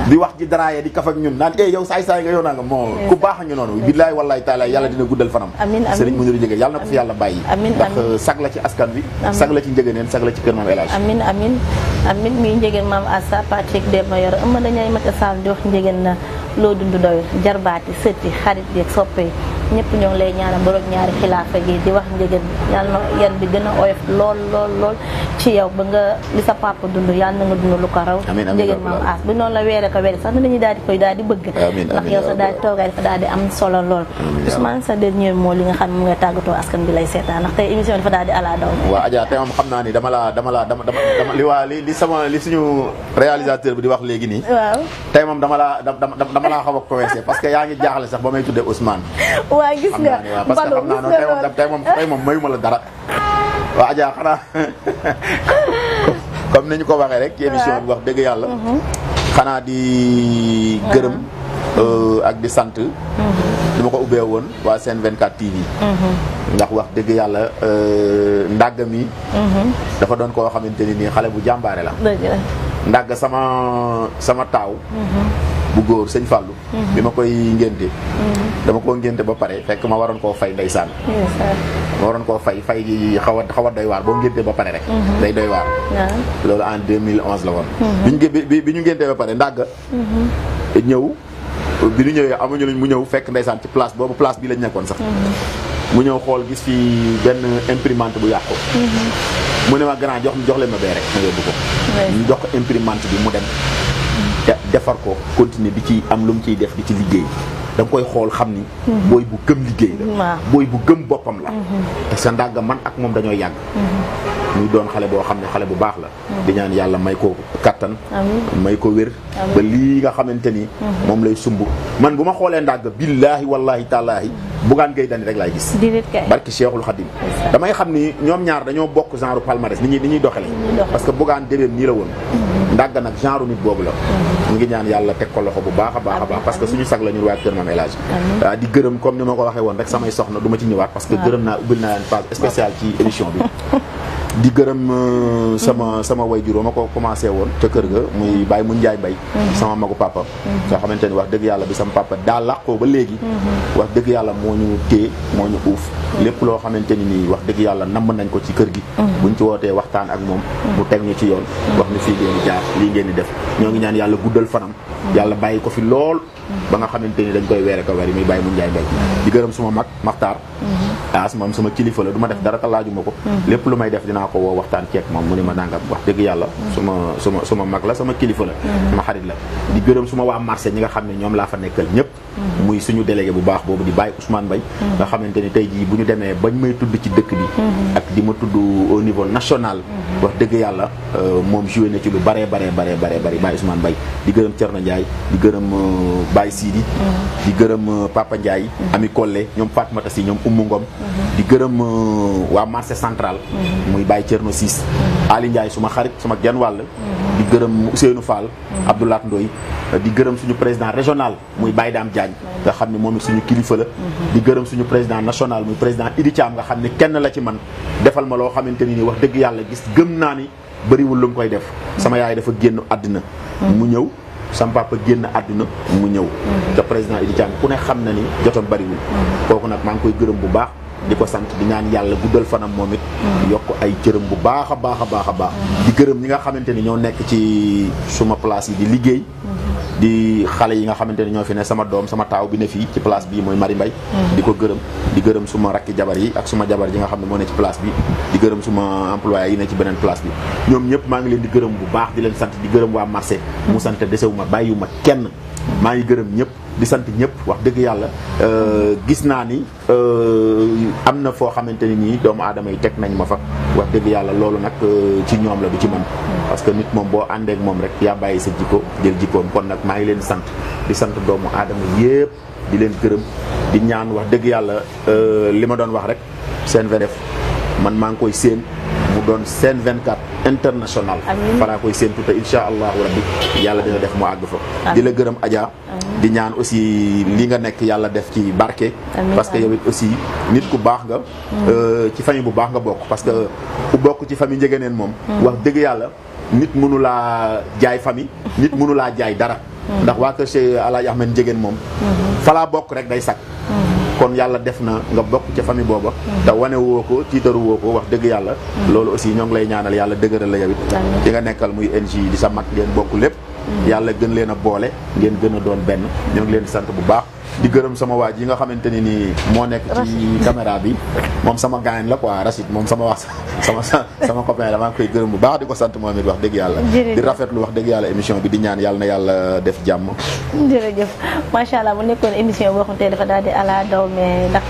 di wax ji daraaye di kaf ak ñun naan eh yow saay saay nga yow moo ku baax ñu noonu billaay wallaay taala yàlla dina guddal fanam amin amin amin muy euh, njëgeen maam Assa Patrick Demba Yor ëma dañay mata sall di wax njëgeen na lo dundu doy jarbaati seuti xarit bi ak soppe ñepp ñong lay ñaanal borom ñaari khilafa gi di wax ngeen yàlla na yan bi gëna oyef lol lol lol ci yow ba nga li sa papa dundu yàlla na nga dundu lu ko raw ngeen maam as bu non la wéré ko wéré sax na dañuy daal di koy daal di bëgg ndax yow sa daal togal fa dafa daal di am solo lol ya Ousmane sa dernier mot li nga xam mu nga tagato askan bi lay sétan ndax tay émission fa daal di ala daw wa Adja tay am xamna ni dama la dama la dama dama li wa li li sama li suñu réalisateur bi di wax légui ni waaw tay mom dama la dama dama laa xaw a coincé parce que yaa ngi jaaxle sax ba may tuddee Ousmane. waaw gis nga parce que xam naa ne tey moom tey moom mayuma la dara. waa Adja xanaa [LAUGHS] comme ni ko waxee rek. ci émission bi wax dëgg yàlla. Mhm. xanaa di gërëm. Mhm. Euh, ak di sant. li mhm. ma ko ubbee woon waa Sen 24 TV. ndax wax dëgg yàlla euh, ndagg mi. dafa doon koo xamante ni nii xale bu jàmbaare la. ndàgg sama sama taaw. bu goor seigne fallu mhm. bima koy ngenté mhm. dama ko ngenté ba paré fekk ma waron ko fay ndaysan waron ko fay fay gi xawa xawa doy war bo ngenté ba paré rek. Mhm. day doy war lolu en 2011 la won biñu ñu bi ba paré ndag ñew biñu ñewé amuñu luñ mu ñew fekk ndaysan ci place bobu place bi lañ nekkoon sax. mu ñew xol gis fi ben imprimante bu yàqu. mu ne ma grand jox jox le ma bé rek ko. ñu jox imprimante bi mu dem. defar ko continuer bi ci am lu mu ciy def di ci liggéey da koy xool xam ni. Mhm. booy bu gëm liggéey la. booy bu gëm boppam la. parce mhm. que ndàgg man ak moom dañoo yàgg. Mhm. muy doon xale boo xam ne xale bu baax la mm. di ñaan yàlla may ko kattan may ko wér ba lii nga xamante ni mm-hmm. moom lay sumb man bu ma xoolee ndàgg billaahi wallaahi taalaahi mm-hmm. bugaan gay rek laay gis barki Cheikhul Khadim damay xam ni ñoom ñaar dañoo bokk genre palmarès ni ñuy doxale parce bugaan débeem nii la woon mm-hmm. ndàgg nag genre nit boobu la ñu ngi ñaan yàlla teg ko loxo bu baax a baax a baax parce que suñu sag la ñun waa kër Mame El Hadj ah, di gërëm comme [LAUGHS] di gërëm euh, sama sama way juróom ma ko commencé woon ca kër ga muy Baye mu Njaay Mbay mm-hmm. sama magu papa mm-hmm. nga xamante ni wax dëgg yàlla bi sama papa daa làqoo ba léegi mm-hmm. wax dëgg yàlla moo ñu téye moo ñu uuf lépp loo xamante ni nii wax dëgg yàlla namm nañ ko ci kër gi buñ ci wootee waxtaan ak moom mu teg ñu ci yoon wax ni fii ngeen di jaar lii ngeen di def ñoo ngi ñaan yàlla guddal fanam yalla bàyyi ko fi lol ba nga xamanteni dañ koy wéré ko wéré mi bàyyi mu njaay mbay mm-hmm. di gërëm suma mak maktar as mom suma kilifa la duma def dara ta laaju ma ko mm-hmm. lu may def dina ko wo waxtaan ceeg moom mu ne ma nangam wax deug yalla mm-hmm. suma suma suma mak la sama kilifa la ma xarit la di gërëm suma wa marché ñi nga xamni ñom la fa nekkal ñepp muy suñu délégué bu baax bobu di bàyyi Ousmane bay nga xamanteni tay ji buñu démé bañ may tudd ci dëkk bi ak di ma tudd au niveau national wax deug yalla euh, mom joué na ci lu bare bare bare bare bari bàyyi Ousmane bay di gërëm cerna Ndiaye di gëreum Baye Sidi di gëreum Papa Ndiaye Ami Collé ñom Fatmata Si ñom Oumou Ngom di gëreum wa marché central muy Baye Thierno 6 Ali Ndiaye suma xarit suma genn wàll di gëreum Ousseynou Fall Abdoulaye ndoy di gëreum suñu président régional muy Baye dam Diagne nga xamni momi suñu kilifa la di gëreum suñu président national muy président Idi Thiam nga xamni kenn la ci man defal ma lo xamanteni ni wax deug yalla gis gëm na ni bëriwul lu mu def sama yaay dafa génn adina mu ñew sam papa génn àdduna mu ñëw mhm. te président Idi Thiam ku ne xam na ni jotam bariwul mhm. kooku nag maa ngi koy gërëm bu baax di ko sant di naan yàlla guddal fanam moom it mhm. yokk ay jërëm bu baax a baax a baax a baax di gërëm ñi nga xamante ni ñoo nekk ci suma place yi di liggéey di xale yi nga xamante ne ñoo fi ne sama doom sama taaw bi ne fii ci place bi mooy Mari Mbay mm-hmm. di ko gërëm di gërëm suma rakki jabar yi ak suma jabar ji nga xam ne moo ne ci place bi di gërëm suma employé yi ne ci beneen place bi ñoom ñëpp maa ngi leen di gërëm bu baax di leen sant di gërëm waa marché mm-hmm. mu sant desewuma bàyyiwuma kenn maa ngi gërëm ñëpp di sant ñëpp wax dëgg yàlla euh, gis naa ni euh, am na foo xamante ni nii doomu aadama yi teg nañ ma fa wax dëgg yàlla loolu nag euh, ci ñoom la du ci man parce que nit moom boo àndeek moom rek yaa bàyyi sa jikko jël jikkoom kon nag maa ngi leen sant di sant doomu aadama yëpp di leen gërëm di ñaan wax dëgg yàlla li ma doon wax rek seen veref man maa ngi koy séen mu doon seen 24 international para koy séentu tout insha allahu rabbi yalla dina def mu ag fa di la gërëm Adja di ñaan aussi li nga nek yalla def ci barké parce que yow it aussi nit ku bax nga mm. euh ci famille bu bax nga bok parce que ku bok ci famille jégenen mom mm. wax deug yalla nit mënu la jaay famille mm. nit mënu la jaay dara ndax wa ke Cheikh Alaaji Ahmed jégen mom mm-hmm. fala bok rek day sak mm-hmm. kon yàlla def na nga bokk ca famille booba te wane woo ko tiitaru woo ko wax dëgg yàlla loolu aussi ñoo ngi lay ñaanal yàlla dëgëral la yow it ci nga nekkal muy NG di sa mag ngeen bokk lépp yàlla gën leen a boole ngeen gën a doon benn ñoo ngi leen sant bu baax di gërëm sama waaj yi nga xamante ni moo nekk ci caméra bi moom sama gaañ la quoi Rachid moom sama wax sama sama copain la maa koy gërëm bu baax di ko sant moom it wax dëgg yàlla di rafetlu wax dëgg yàlla émission bi di ñaan yàlla na yàlla def jàmm jërëjëf macha allah mu nekkoon émission boo xam te dafa daal di ala daw mais ndax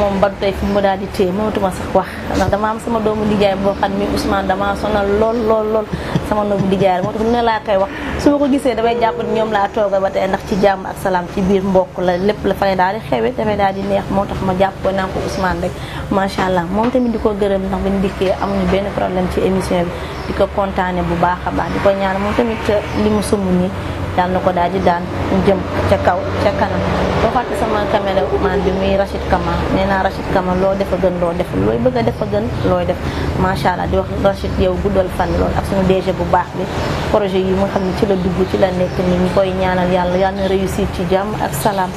moom ba tey fi mu daal di téye mënatuma sax wax ndax dama am sama doomu nijaay boo xam ni Ousmane dama sonal lool lool lool sama doomu nijaay moo tax ne laa koy wax su gisee damay japp ni ñoom laa toogal ba ndax ci jamm ak salam ci bir mbokk la lepp la fay daal di xewe dafay daal di neex moo tax ma japp ko naan ko Ousmane rek ma sha allah mom tamit diko gëreem gërëm ndax bañ dikkee amuñu benn problème ci émission bi diko contané bu baaxa a baax di ñaan mom tamit limu sumu ni dal nako ko daal di daan jëm ca kaw ca kanam do fàtte sama caméra man bi muy Rachid Kama nee Rachid Kama lo defa gën lo def loy bëgg defa gën loy def ma sha allah di wax Rachid yow guddal fan lool ak suñu DG bu baax bi projet yi mo xamni ci la dugg ci la nekk ni ñu koy ñaanal yàlla yàlla na réussir ci jàmm ak salaam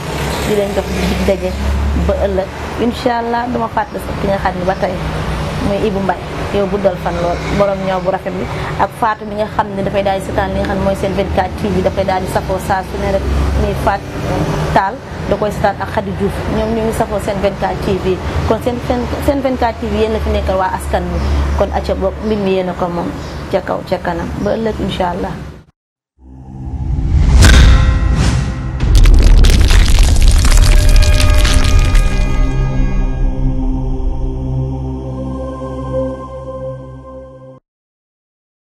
di leen jox di dig daje ba ëllëg incha allah duma fàtte sax ki nga xam ne ba tey muy Ibu Mbaye yow guddal fan lool borom ñëw bu rafet bi ak Fatou bi nga xam ne dafay daal di seetaan mooy seen 24 dafay daal di safoo saa su ne rek muy Fatou Tall da koy seetaan ak Khady Diouf ñoom ñu ngi safoo seen 24 TV kon seen seen 24 TV yéen la fi nekkal waa askan wi kon acca boog mbir mi yéen a ko moom ca kaw ca kanam ba ëllëg incha allah